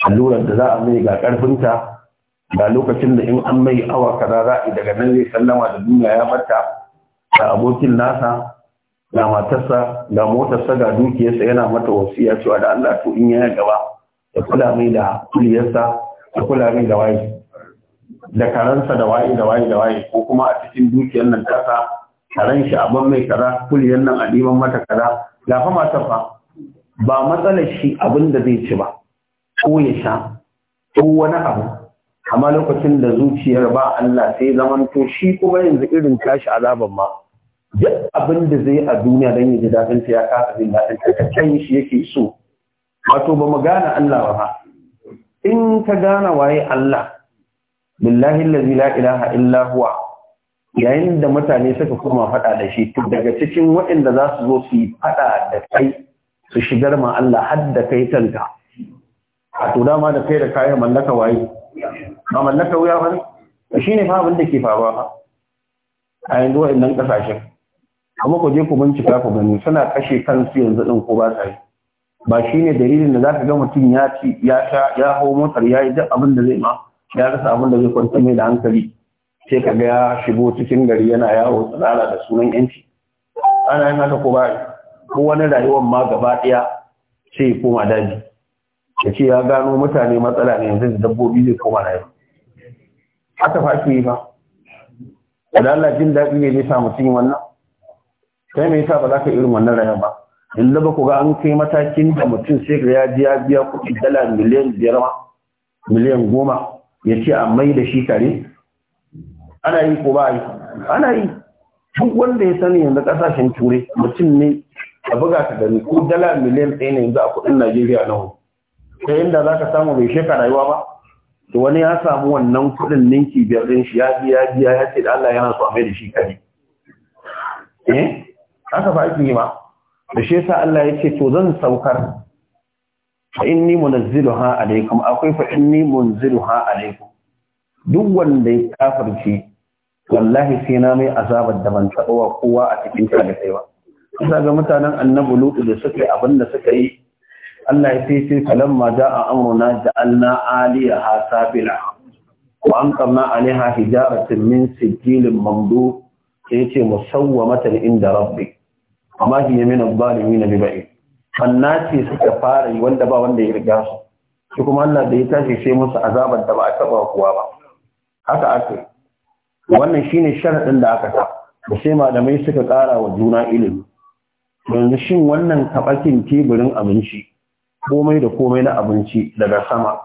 S1: allurar da za a mai ga ƙarfinta da lokacin da in an mai awa kaza za a daga nan zai sallama da duniya ya mata da abokin nasa ga matarsa da motarsa ga dukiyarsa yana mata wasiya cewa da Allah to in ya gaba da kula mai da kuliyarsa da kula mai da waye da karansa da waye da waye da waye ko kuma a cikin dukiyar nan tasa karan shi abin mai kaza kuliyar nan a neman mata kaza fa mata fa ba matsalar shi abin da zai ci ba ko ya sha ko wani abu amma lokacin da zuciyar ba Allah sai zaman to shi kuma yanzu irin tashi azaban ma duk abin da zai a duniya dan ya ji daɗin ta ya kasa jin daɗin ta ta shi yake so wato ba mu gane Allah ba in ka gane waye Allah Lillahi allazi la ilaha illa huwa yayin da mutane suka koma faɗa da shi daga cikin waɗanda za su zo su yi faɗa da kai su shigar ma Allah har da kai tanka a to dama da kai da kayan mallaka waye ba mallaka wuya ba ne shi ne fa abin da ke faruwa ba. a yanzu waɗannan ƙasashen amma ku je ku bincika ku gani suna kashe kansu yanzu ɗin ko ba sa yi ba shi ne dalilin da za ka ga mutum ya ci ya sha ya hau motar ya yi duk abin da zai ma ya rasa abin da zai kwanci mai da hankali sai ka ga ya shigo cikin gari yana yawo tsirara da sunan yanci ana yin haka ko ba ko wani rayuwar ma gaba ɗaya sai ya koma daji ya ce ya gano mutane matsala ne yanzu da dabbobi zai koma na yau haka fa ake yi ba da Allah jin daɗi ne zai sa mutum wannan kai me yasa ba za ka irin wannan rayuwa ba in ba ku ga an kai matakin da mutum sai ga ya biya biya kuɗi dala miliyan biyar ma miliyan goma ya ce a mai da shi kare ana yi ko ba yi ana yi duk wanda ya sani yanzu kasashen turai mutum ne a buga ka gani ko dala miliyan ɗaya ne yanzu a kuɗin najeriya na hu ta inda za ka samu mai shekara rayuwa ba to wani ya samu wannan kuɗin ninki biyar ɗin shi ya biya biya ya ce da Allah yana so a mai da shi kare eh haka ba ake yi ma da shi yasa Allah ya ce to zan saukar fa inni ha alaikum akwai fa inni ha alaikum duk wanda ya kafirce wallahi sai na mai azabar da ban taɓa wa kowa a cikin kalifai ba kusa ga mutanen annabi lutu da suka yi abin da suka yi Allah ya sai sai Amurna, ja'a amruna ja'alna ha safila wa amqamna aliha hijaratan min sijilin ya ce musawwa, matan inda rabbi amma hiya min adh-dhalimin bi ba'id annace suka fara yi wanda ba wanda ya riga su shi kuma Allah da ya tashi sai musu azabar da ba a taba kuwa ba haka aka wannan shine sharadin da aka sa da sai malamai suka kara wa juna ilimi yanzu shin wannan tabakin teburin abinci komai da komai na abinci daga sama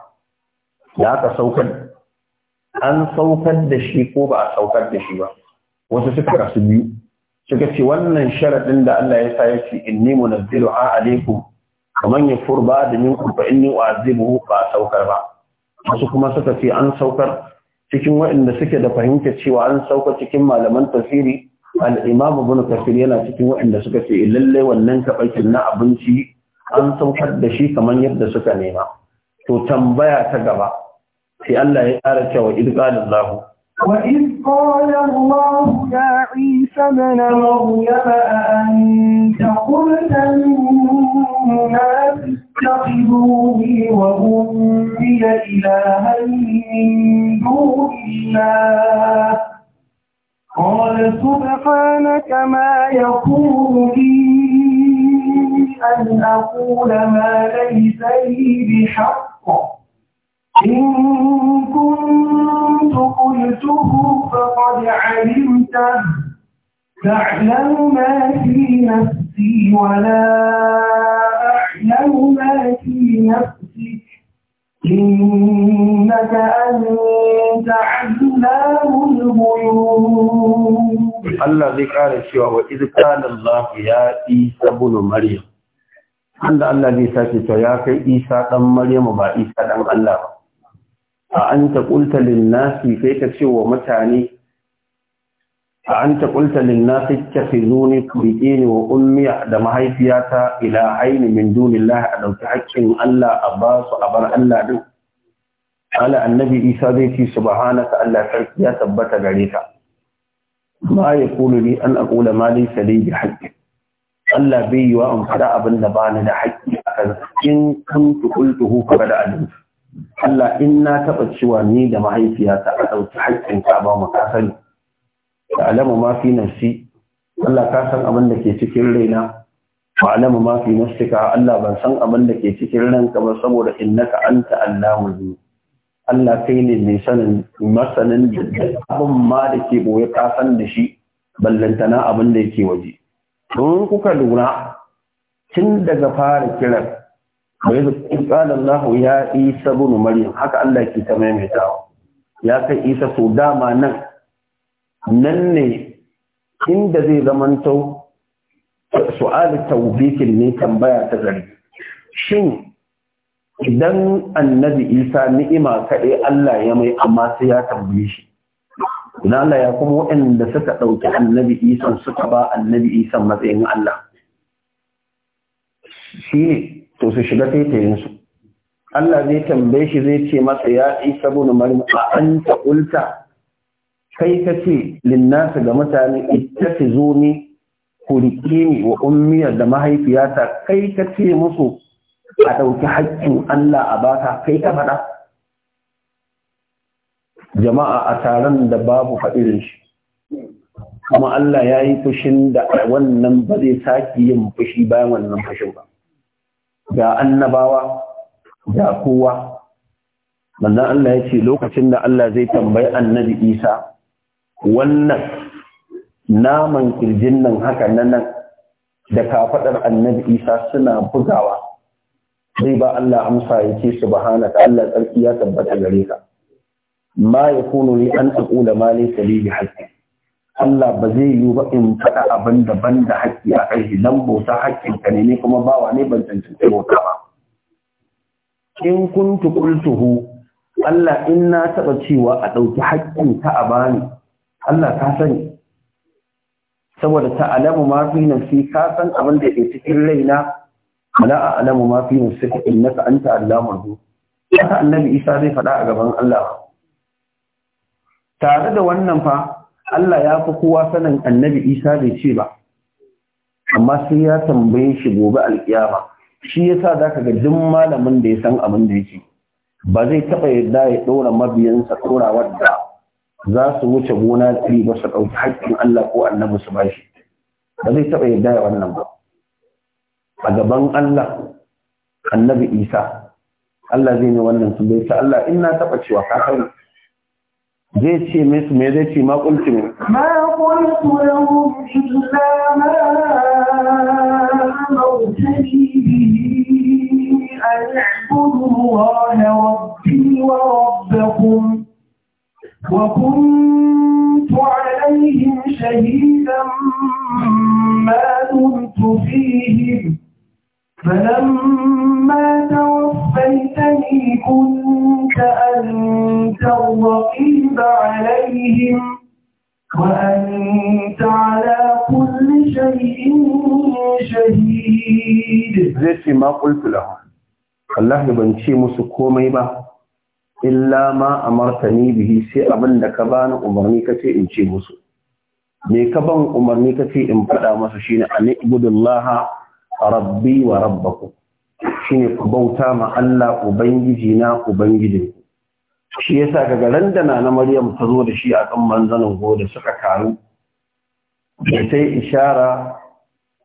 S1: da aka saukar an saukar da shi ko ba a saukar da shi ba wasu suka kasu biyu suka ce wannan sharaɗin da Allah ya sa ya ce ni munazzilu a alaikum kaman ya furba da minkum fa inni u'azibuhu ba saukar ba wasu kuma suka ce an saukar cikin waɗanda suke da fahimta cewa an sauka cikin malaman tafsiri al-imam ibn kafir yana cikin waɗanda suka ce lalle wannan kabakin na abinci an saukar da shi kaman yadda suka nema to tambaya ta gaba sai Allah ya ƙara cewa idqalillahu
S2: وإذ قال الله يا عيسى ابن مريم أأنت قلت للناس اتخذوني وأمي إلهين من دون الله قال سبحانك ما يقول لي أن أقول ما ليس لي بحق إن كنت قلته فقد علمته تعلم ما في نفسي ولا أعلم ما في نفسك إنك أنت علام الغيوب
S1: الله ذكر الشيوع وإذ قال الله يا إيسى بن مريم عند الله ذي ساكت يا عيسى مريم وما إيسى بن الله a an ta ƙulta linnasi sai ka ce wa mutane a an ta ƙulta linnasi ka fi zuni kurike ne wa ummiya da mahaifiyata ila aini min dunillah a ɗauki haƙƙin Allah a ba su a bar Allah ɗin. Ala annabi Isa zai ci subhanaka Allah sarki ya tabbata gare ka. Ma ya kulu ni an aƙula ma laysa li bi haƙƙi. Allah bai yi wa in faɗa abin da bani da haƙƙi a kan in kuntu da faqad Allah in na taɓa cewa ni da mahaifiyata a ɗauki haƙƙin ka ba mu ka sani da alamu ma fi nafsi Allah ka san abin da ke cikin raina Ka alamu ma fi ka Allah ban san abin da ke cikin ranka ba saboda innaka anta allamul ghuyub Allah kai ne mai sanin masanin abin ma da ke boye ka san da shi ballantana abin da yake waje don kuka lura tun daga fara kiran bai da ƙiƙan Allah ya isa bin Maryam haka Allah ke ta maimaitawa ya kai isa so dama nan nan ne inda zai zamanto su'alin tawbikin ne tambaya ta gari shin idan annabi isa ni'ima kaɗai Allah ya mai amma sai ya tambaye shi idan Allah ya kuma waɗanda suka ɗauki annabi isan suka ba annabi isan matsayin Allah shi to su shiga taitayinsu Allah zai tambaye shi zai ce masa ya isa bin marin a anta ulta kai ka ce linnasa ga mutane ita zo ni ku rike ni wa ummiyar da mahaifiyata kai ka ce musu a ɗauki haƙƙin Allah a baka kai ka faɗa jama'a a taron da babu faɗirin shi kuma Allah ya yi fushin da wannan ba zai sake yin fushi bayan wannan fushin ba ga annabawa ga kowa manzan Allah ya ce lokacin da Allah zai tambayi annabi isa wannan naman kirjin nan haka nan da kafaɗar annabi isa suna bugawa sai ba Allah amsa ya ce subhanaka Allah tsarki ya tabbata gare ka ma yakunu li an aqula ma laysa li haqqi Allah ba zai yi ba in faɗa abin da ban da haƙƙi a kai dan bauta haƙƙin ka ne kuma bawa ne ban cancanci bauta ba in kuntu hu, Allah in na taɓa cewa a ɗauki haƙƙin ta a bani Allah ka sani saboda ta alamu ma fi nafsi ka san abin da ke cikin raina a alamu ma fi nafsi ka innaka anta allamul haka annabi Isa zai faɗa a gaban Allah tare da wannan fa Allah ya fi kowa sanin annabi Isa bai ce ba amma sai ya tambaye shi gobe alƙiyama, shi za ka ga duk malamin da ya san abin da yake ba zai taɓa yadda ya ɗora mabiyansa ɗora wadda za su wuce gona tsiri ba su ɗauki haƙƙin Allah ko annabi su ba shi. ba zai taɓa yadda ya wannan ba a gaban Allah annabi Isa Allah zai ne wannan bai ta Allah in na taɓa cewa ka sani جئتي مثل ما قلت
S2: ما قلت لهم إلا ما أمرتني به أن اعبدوا الله ربي وربكم وكنت عليهم شهيدا ما دمت فيهم فلما توفيتني كنت أنت الرقيب تب عليهم وأنت على كل شيء شهيد
S1: زي ما قلت لهم ban musu komai ba illa ma a martani bihi sai abin da ka bani umarni kace in ce musu me ka ban umarni kace in faɗa musu shine an ibudullaha rabbi wa rabbakum shine ku bauta ma Allah ubangiji na ubangijin shi yasa daga randana na maryam ta zo da shi a kan manzanin goda suka karu da sai ishara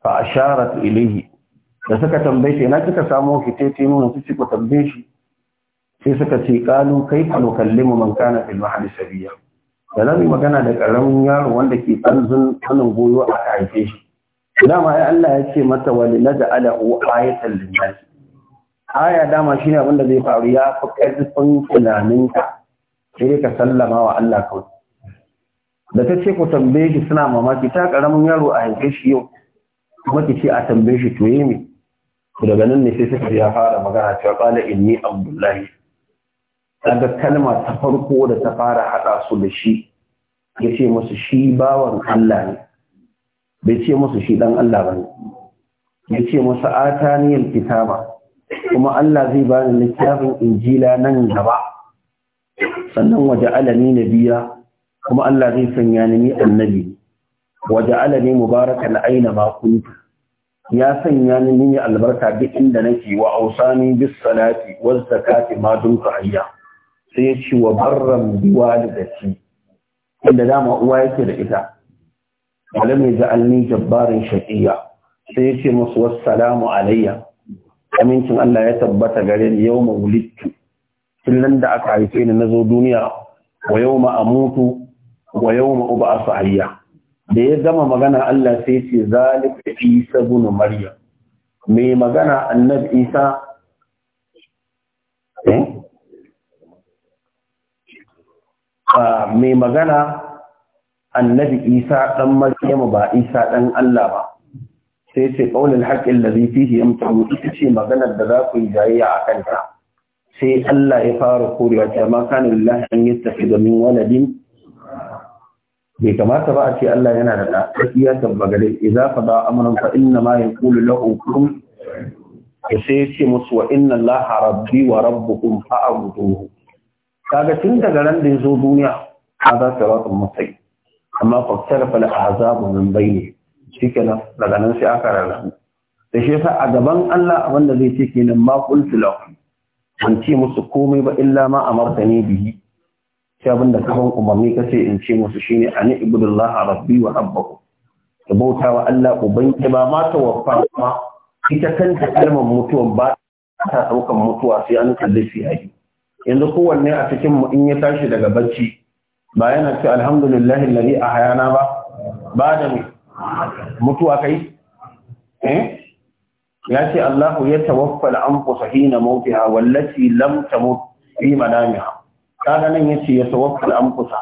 S1: fa asharat ilayhi da suka tambaye shi na kika samu fitete mun su ci ku tambaye shi sai suka ce kalu kai fa nukallimu man kana fil mahdi sabiya da nan magana da karamin yaro wanda ke tsanzun sanin goyo a haife shi dama ai Allah ya ce mata wali naja'alahu ayatan lin-nas aya dama shine abin da zai faru ya fi ƙarfin tunaninka sai ka sallama wa Allah kawai da ta ce ku tambaye shi suna mamaki ta ƙaramin yaro a haife shi yau kuma ki ce a tambaye shi to me to daga nan ne sai suka ya fara magana cewa qala inni abdullahi daga kalma ta farko da ta fara hada su da shi ya ce musu shi bawan Allah ne bai ce musu shi dan Allah bane yace musu atani kitaba kuma Allah zai ba ni littafin injila nan gaba sannan waje alani biya. kuma Allah zai sanya ni annabi waje alani mubaraka na aina ma kuntu ya sanya ni ni albarka duk inda nake wa ausani bis salati waz zakati ma dumtu ayya sai ya ci wa barran bi walidati inda dama uwa yake da ita walam yaj'alni jabbarin shaqiya sai ya ce musu wassalamu alayya amincin Allah ya tabbata gare ni yau ma wulittu nan da aka haife ni na zo duniya wa yau ma amutu wa yau ma uba asu hayya da ya gama magana Allah sai ce zalika isa bin marya. mai magana annabi isa eh? ah, mai magana annabi isa ɗan maryama ba isa dan Allah ba sai ce ƙaunin haƙƙin da zai fihi yamtaru ita ce maganar da za ku yi jayayya a kanta sai Allah ya fara korewa ta ma kana lillahi an yi tafi domin waladin bai kamata ba a ce Allah yana da ɗaɗɗiya tabbagare idza qada amran fa inna ma yaqulu lahu Ya sai ya ce musu wa inna Allah rabbi wa rabbukum fa'buduhu kaga tun daga ran da yazo duniya hada siratun matsayi. amma fa tarafa al-ahzabu min ne. shikenan daga nan sai aka rarrabu da shi yasa a gaban Allah abinda zai ce kenan ma qultu lahu an ce musu komai ba illa ma amartani bihi sai abinda kafan umarni kace in ce musu shine ani ibudullah rabbi wa rabbakum da bautawa Allah ubanki ba ma tawaffa ma ita kanta kalmar mutuwa ba ta daukan mutuwa sai an kalli fi ayi yanzu kowanne a cikin mu in ya tashi daga bacci ba yana ce alhamdulillahi alladhi ahyana ba ba da mutuwa kai eh ya ce Allah ya tawaffa al-anfusa hina mautiha wallati lam tamut fi manamiha kaga nan yace ya tawaffa al-anfusa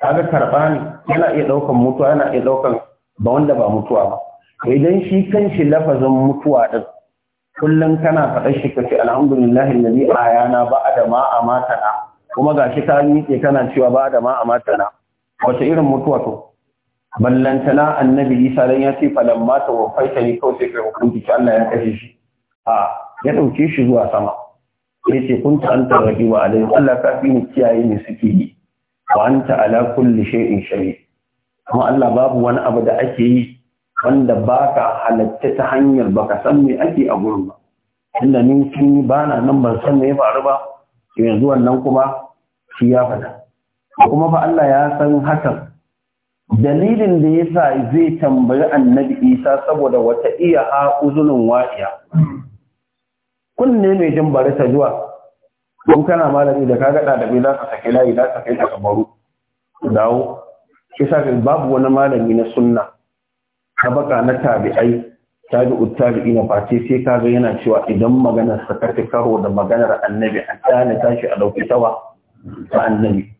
S1: kaga karba ne yana iya daukan mutuwa yana iya daukan ba wanda ba mutuwa ba idan shi kanshi lafazin mutuwa din kullum kana faɗa shi ka ce alhamdulillah alladhi ayana da ma matana kuma gashi ka miƙe kana cewa ba da ma matana wace irin mutuwa to ballantana annabi isa dan ya ce falamma ta wafaita ne kawai sai kai hukunci ki Allah ya kashe shi a ya dauke shi zuwa sama ya ce kunta anta rajiwa alaihi Allah ka fi ni kiyaye ne suke yi wa anta ala kulli shay'in shahid kuma Allah babu wani abu da ake yi wanda baka halatta ta hanyar baka san me ake a gurin ba inda ni sun ba na nan ban san me ya faru ba yanzu wannan kuma shi ya faɗa kuma ba Allah ya san hakan dalilin da yasa zai tambayi annabi isa saboda wata iya ha uzulun wa'iya kunne mai jin bari zuwa don kana malami da ka gada da bai za ka sake layi za ka kai ta kabaru dawo shi sa babu wani malami na sunna tabaka na tabi'ai tabi'ut ina face sai kaga yana cewa idan maganar sa karo da maganar annabi a tsana tashi a dauki tawa ta annabi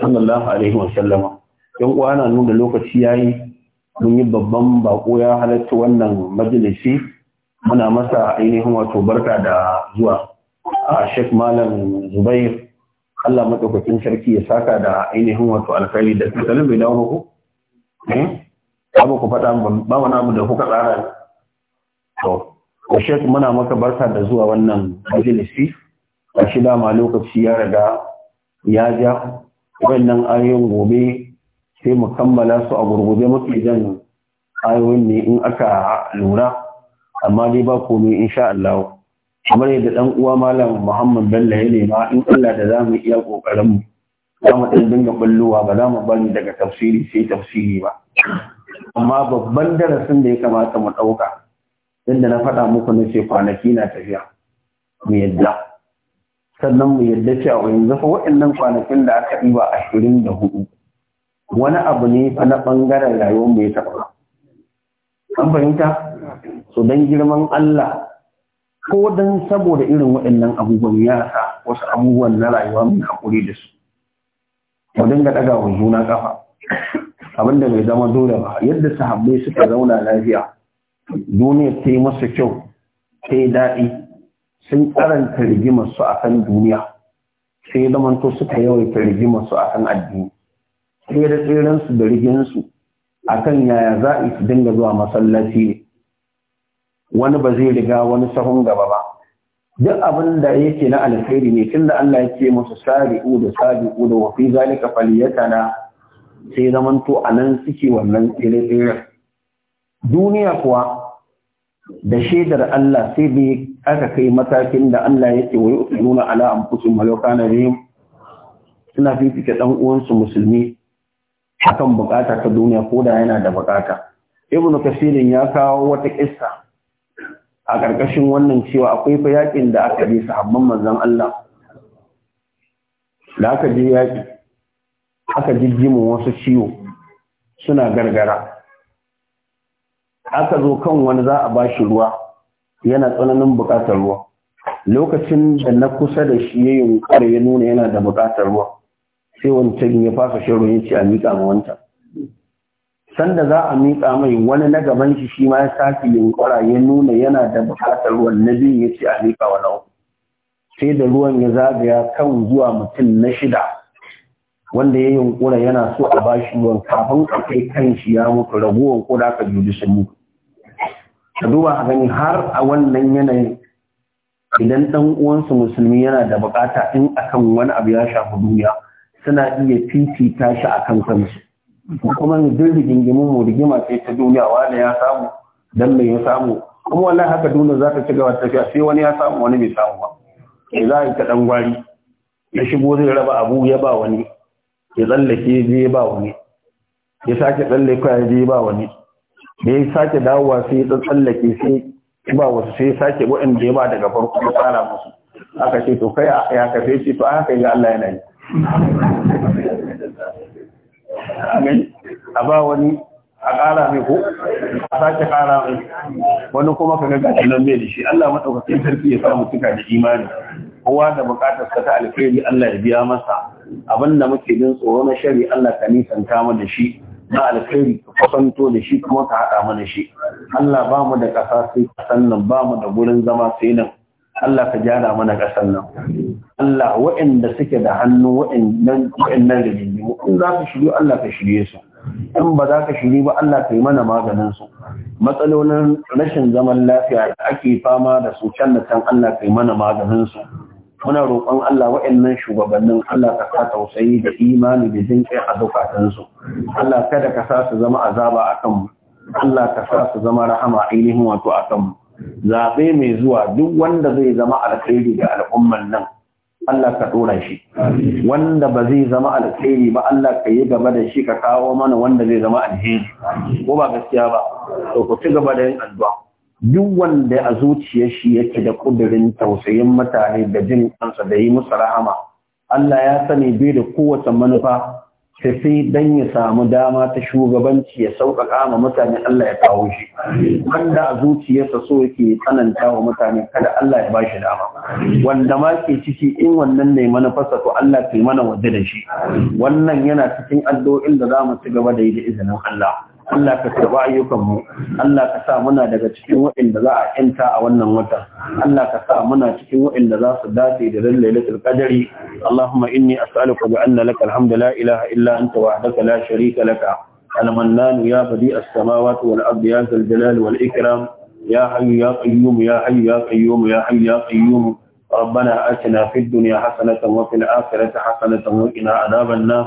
S1: sallallahu alaihi wa sallama yan uwa na nuna lokaci yayi mun yi babban bako ya halatta wannan majalisi muna masa ainihin wato barka da zuwa a Sheikh Malam Zubair Allah madaukakin sarki ya saka da ainihin wato alkhairi da tattalin bai dawo ko? eh abu ku faɗa ba wani abu da kuka tsara to ko Sheikh muna maka barka da zuwa wannan majalisi A shi ma lokaci ya riga ya ja wannan ayoyin gobe sai mu kammala su a gurguje mafi jan ayoyin ne in aka lura amma dai ba komai insha Allah kamar yadda dan uwa malam Muhammad Bello ya nema in Allah da zamu iya kokarin mu mu ɗan dinga ballowa ba zamu mu bani daga tafsiri sai tafsiri ba amma babban darasin da ya kamata mu ɗauka yadda na faɗa muku na ce kwanaki na tafiya mu yadda sannan mu yadda cewa yanzu fa waɗannan kwanakin da aka ɗiba ashirin da hudu wani abu ne fa na ɓangaren rayuwar mu ya taɓa an fahimta so don girman Allah ko don saboda irin waɗannan abubuwan ya sa wasu abubuwan na rayuwa mai haƙuri da su mu dinga ɗaga wa juna ƙafa Abin da bai zama dole ba yadda sahabbai suka zauna lafiya duniya ta yi masa kyau ta yi daɗi sun karanta rigimarsu a kan duniya sai zamanto suka yawaita rigimarsu a kan addini tsere-tserensu da riginsu a kan yaya za a su dinga zuwa masallaci wani ba zai riga wani sahun gaba ba duk abin da yake na alkhairi ne tun da Allah yake musu sari'u da sari'u da wa fi ya falyatana sai a nan suke wannan tsere-tsere duniya kuwa da shaidar Allah sai bai aka kai matakin da Allah yake wa yu'minuna ala anfusihim wa law suna fifita dan uwansu musulmi akan bukata ta duniya ko da yana da bukata ibn kasirin ya kawo wata kissa a ƙarƙashin wannan cewa akwai fa yakin da aka je sahabban manzon Allah da aka je yaki aka jijjimu wasu ciwo suna gargara aka zo kan wani za a bashi ruwa yana tsananin bukatar ruwa lokacin da na kusa da shi ya yunkar ya nuna yana da bukatar ruwa sai wancan ya fasa shirin ya ce a miƙa ma wancan sanda za a mika mai wani na gaban shi shi ma ya sake yunƙura ya nuna yana da buƙatar ruwan na biyu ya ce a miƙa wa na sai da ruwan ya zagaya kan zuwa mutum na shida wanda ya yunkura yana so a bashi ruwan kafin a kai kan shi ya mutu raguwan ko da aka juji sun ka duba a gani har a wannan yanayin idan ɗan uwansu musulmi yana da buƙata in akan wani abu ya shafi duniya suna iya fifita shi a kan kansu kuma duk rigingimin mu rigima ce ta duniya wani ya samu dan me ya samu kuma wallahi haka duniya za ta ci gaba tafiya sai wani ya samu wani bai samu ba sai za a yi ta dan gwari ya shigo zai raba abu ya ba wani ya tsallake je ba wani ya sake tsallake ya je ba wani da ya sake dawowa sai ya tsallake sai ba wasu sai ya sake waɗanda ya ba daga farko ya tsara musu aka ce to kai ya kafe ce to haka ga Allah yana yi a ba wani a ƙara mai ko a sake ƙara mai wani kuma ka ga nan bai da shi Allah maɗaukakin sarki ya samu cika da imani kowa da buƙatar ta alkhairi Allah ya biya masa abin da muke jin tsoro na shari Allah ka nisan kama da shi na alkhairi ka kwasanto da shi kuma ka haɗa mana shi Allah ba mu da ƙasa sai kasan nan ba mu da gurin zama sai nan Allah ka gyara mana ƙasar nan Allah waɗanda suke da hannu waɗannan waɗannan rigingimu in za ka shiryu Allah ka shirye su in ba za ka shiri ba Allah ka yi mana maganin su matsalolin rashin zaman lafiya da ake fama da su can da can Allah ka yi mana maganin su muna roƙon Allah waɗannan shugabannin Allah ka sa tausayi da imani da jin a zukatan su Allah kada ka sa su zama azaba a kanmu. Allah ka sa su zama rahama ainihin wato a kanmu. zaɓe mai zuwa duk wanda zai zama alkhairi ga al'umman nan Allah ka ɗora shi wanda ba zai zama alkhairi ba Allah ka yi gaba da shi ka kawo mana wanda zai zama alheri ko ba gaskiya ba to ku ci gaba da yin addu'a duk wanda a zuciyar shi yake da kudirin tausayin mutane da jin kansa da yi musu rahama Allah ya sani bai da kowace manufa sai sai dan ya samu dama ta shugabanci ya sauƙaƙa ma mutane Allah ya kawo shi wanda a zuciyarsa so yake tsananta wa mutane kada Allah ya ba shi dama wanda ma ke ciki in wannan ne manufarsa to Allah ke mana wadda da shi wannan yana cikin addu'o'in da za mu ci gaba da yi da izinin Allah Allah ka karba ayyukanmu Allah ka sa muna daga cikin waɗanda za a yanta a wannan wata Allah ka sa muna cikin waɗanda za su dace da ran lailatul qadari Allahumma inni as'aluka bi anna laka alhamdu la ilaha illa anta wahdaka la sharika laka al-mannan ya badi as-samawati wal ardi ya zal jalali wal ikram ya hayyu ya qayyum ya hayyu ya qayyum ya hayyu ya qayyum ربنا آتنا في الدنيا حسنة وفي الآخرة حسنة وقنا عذاب النار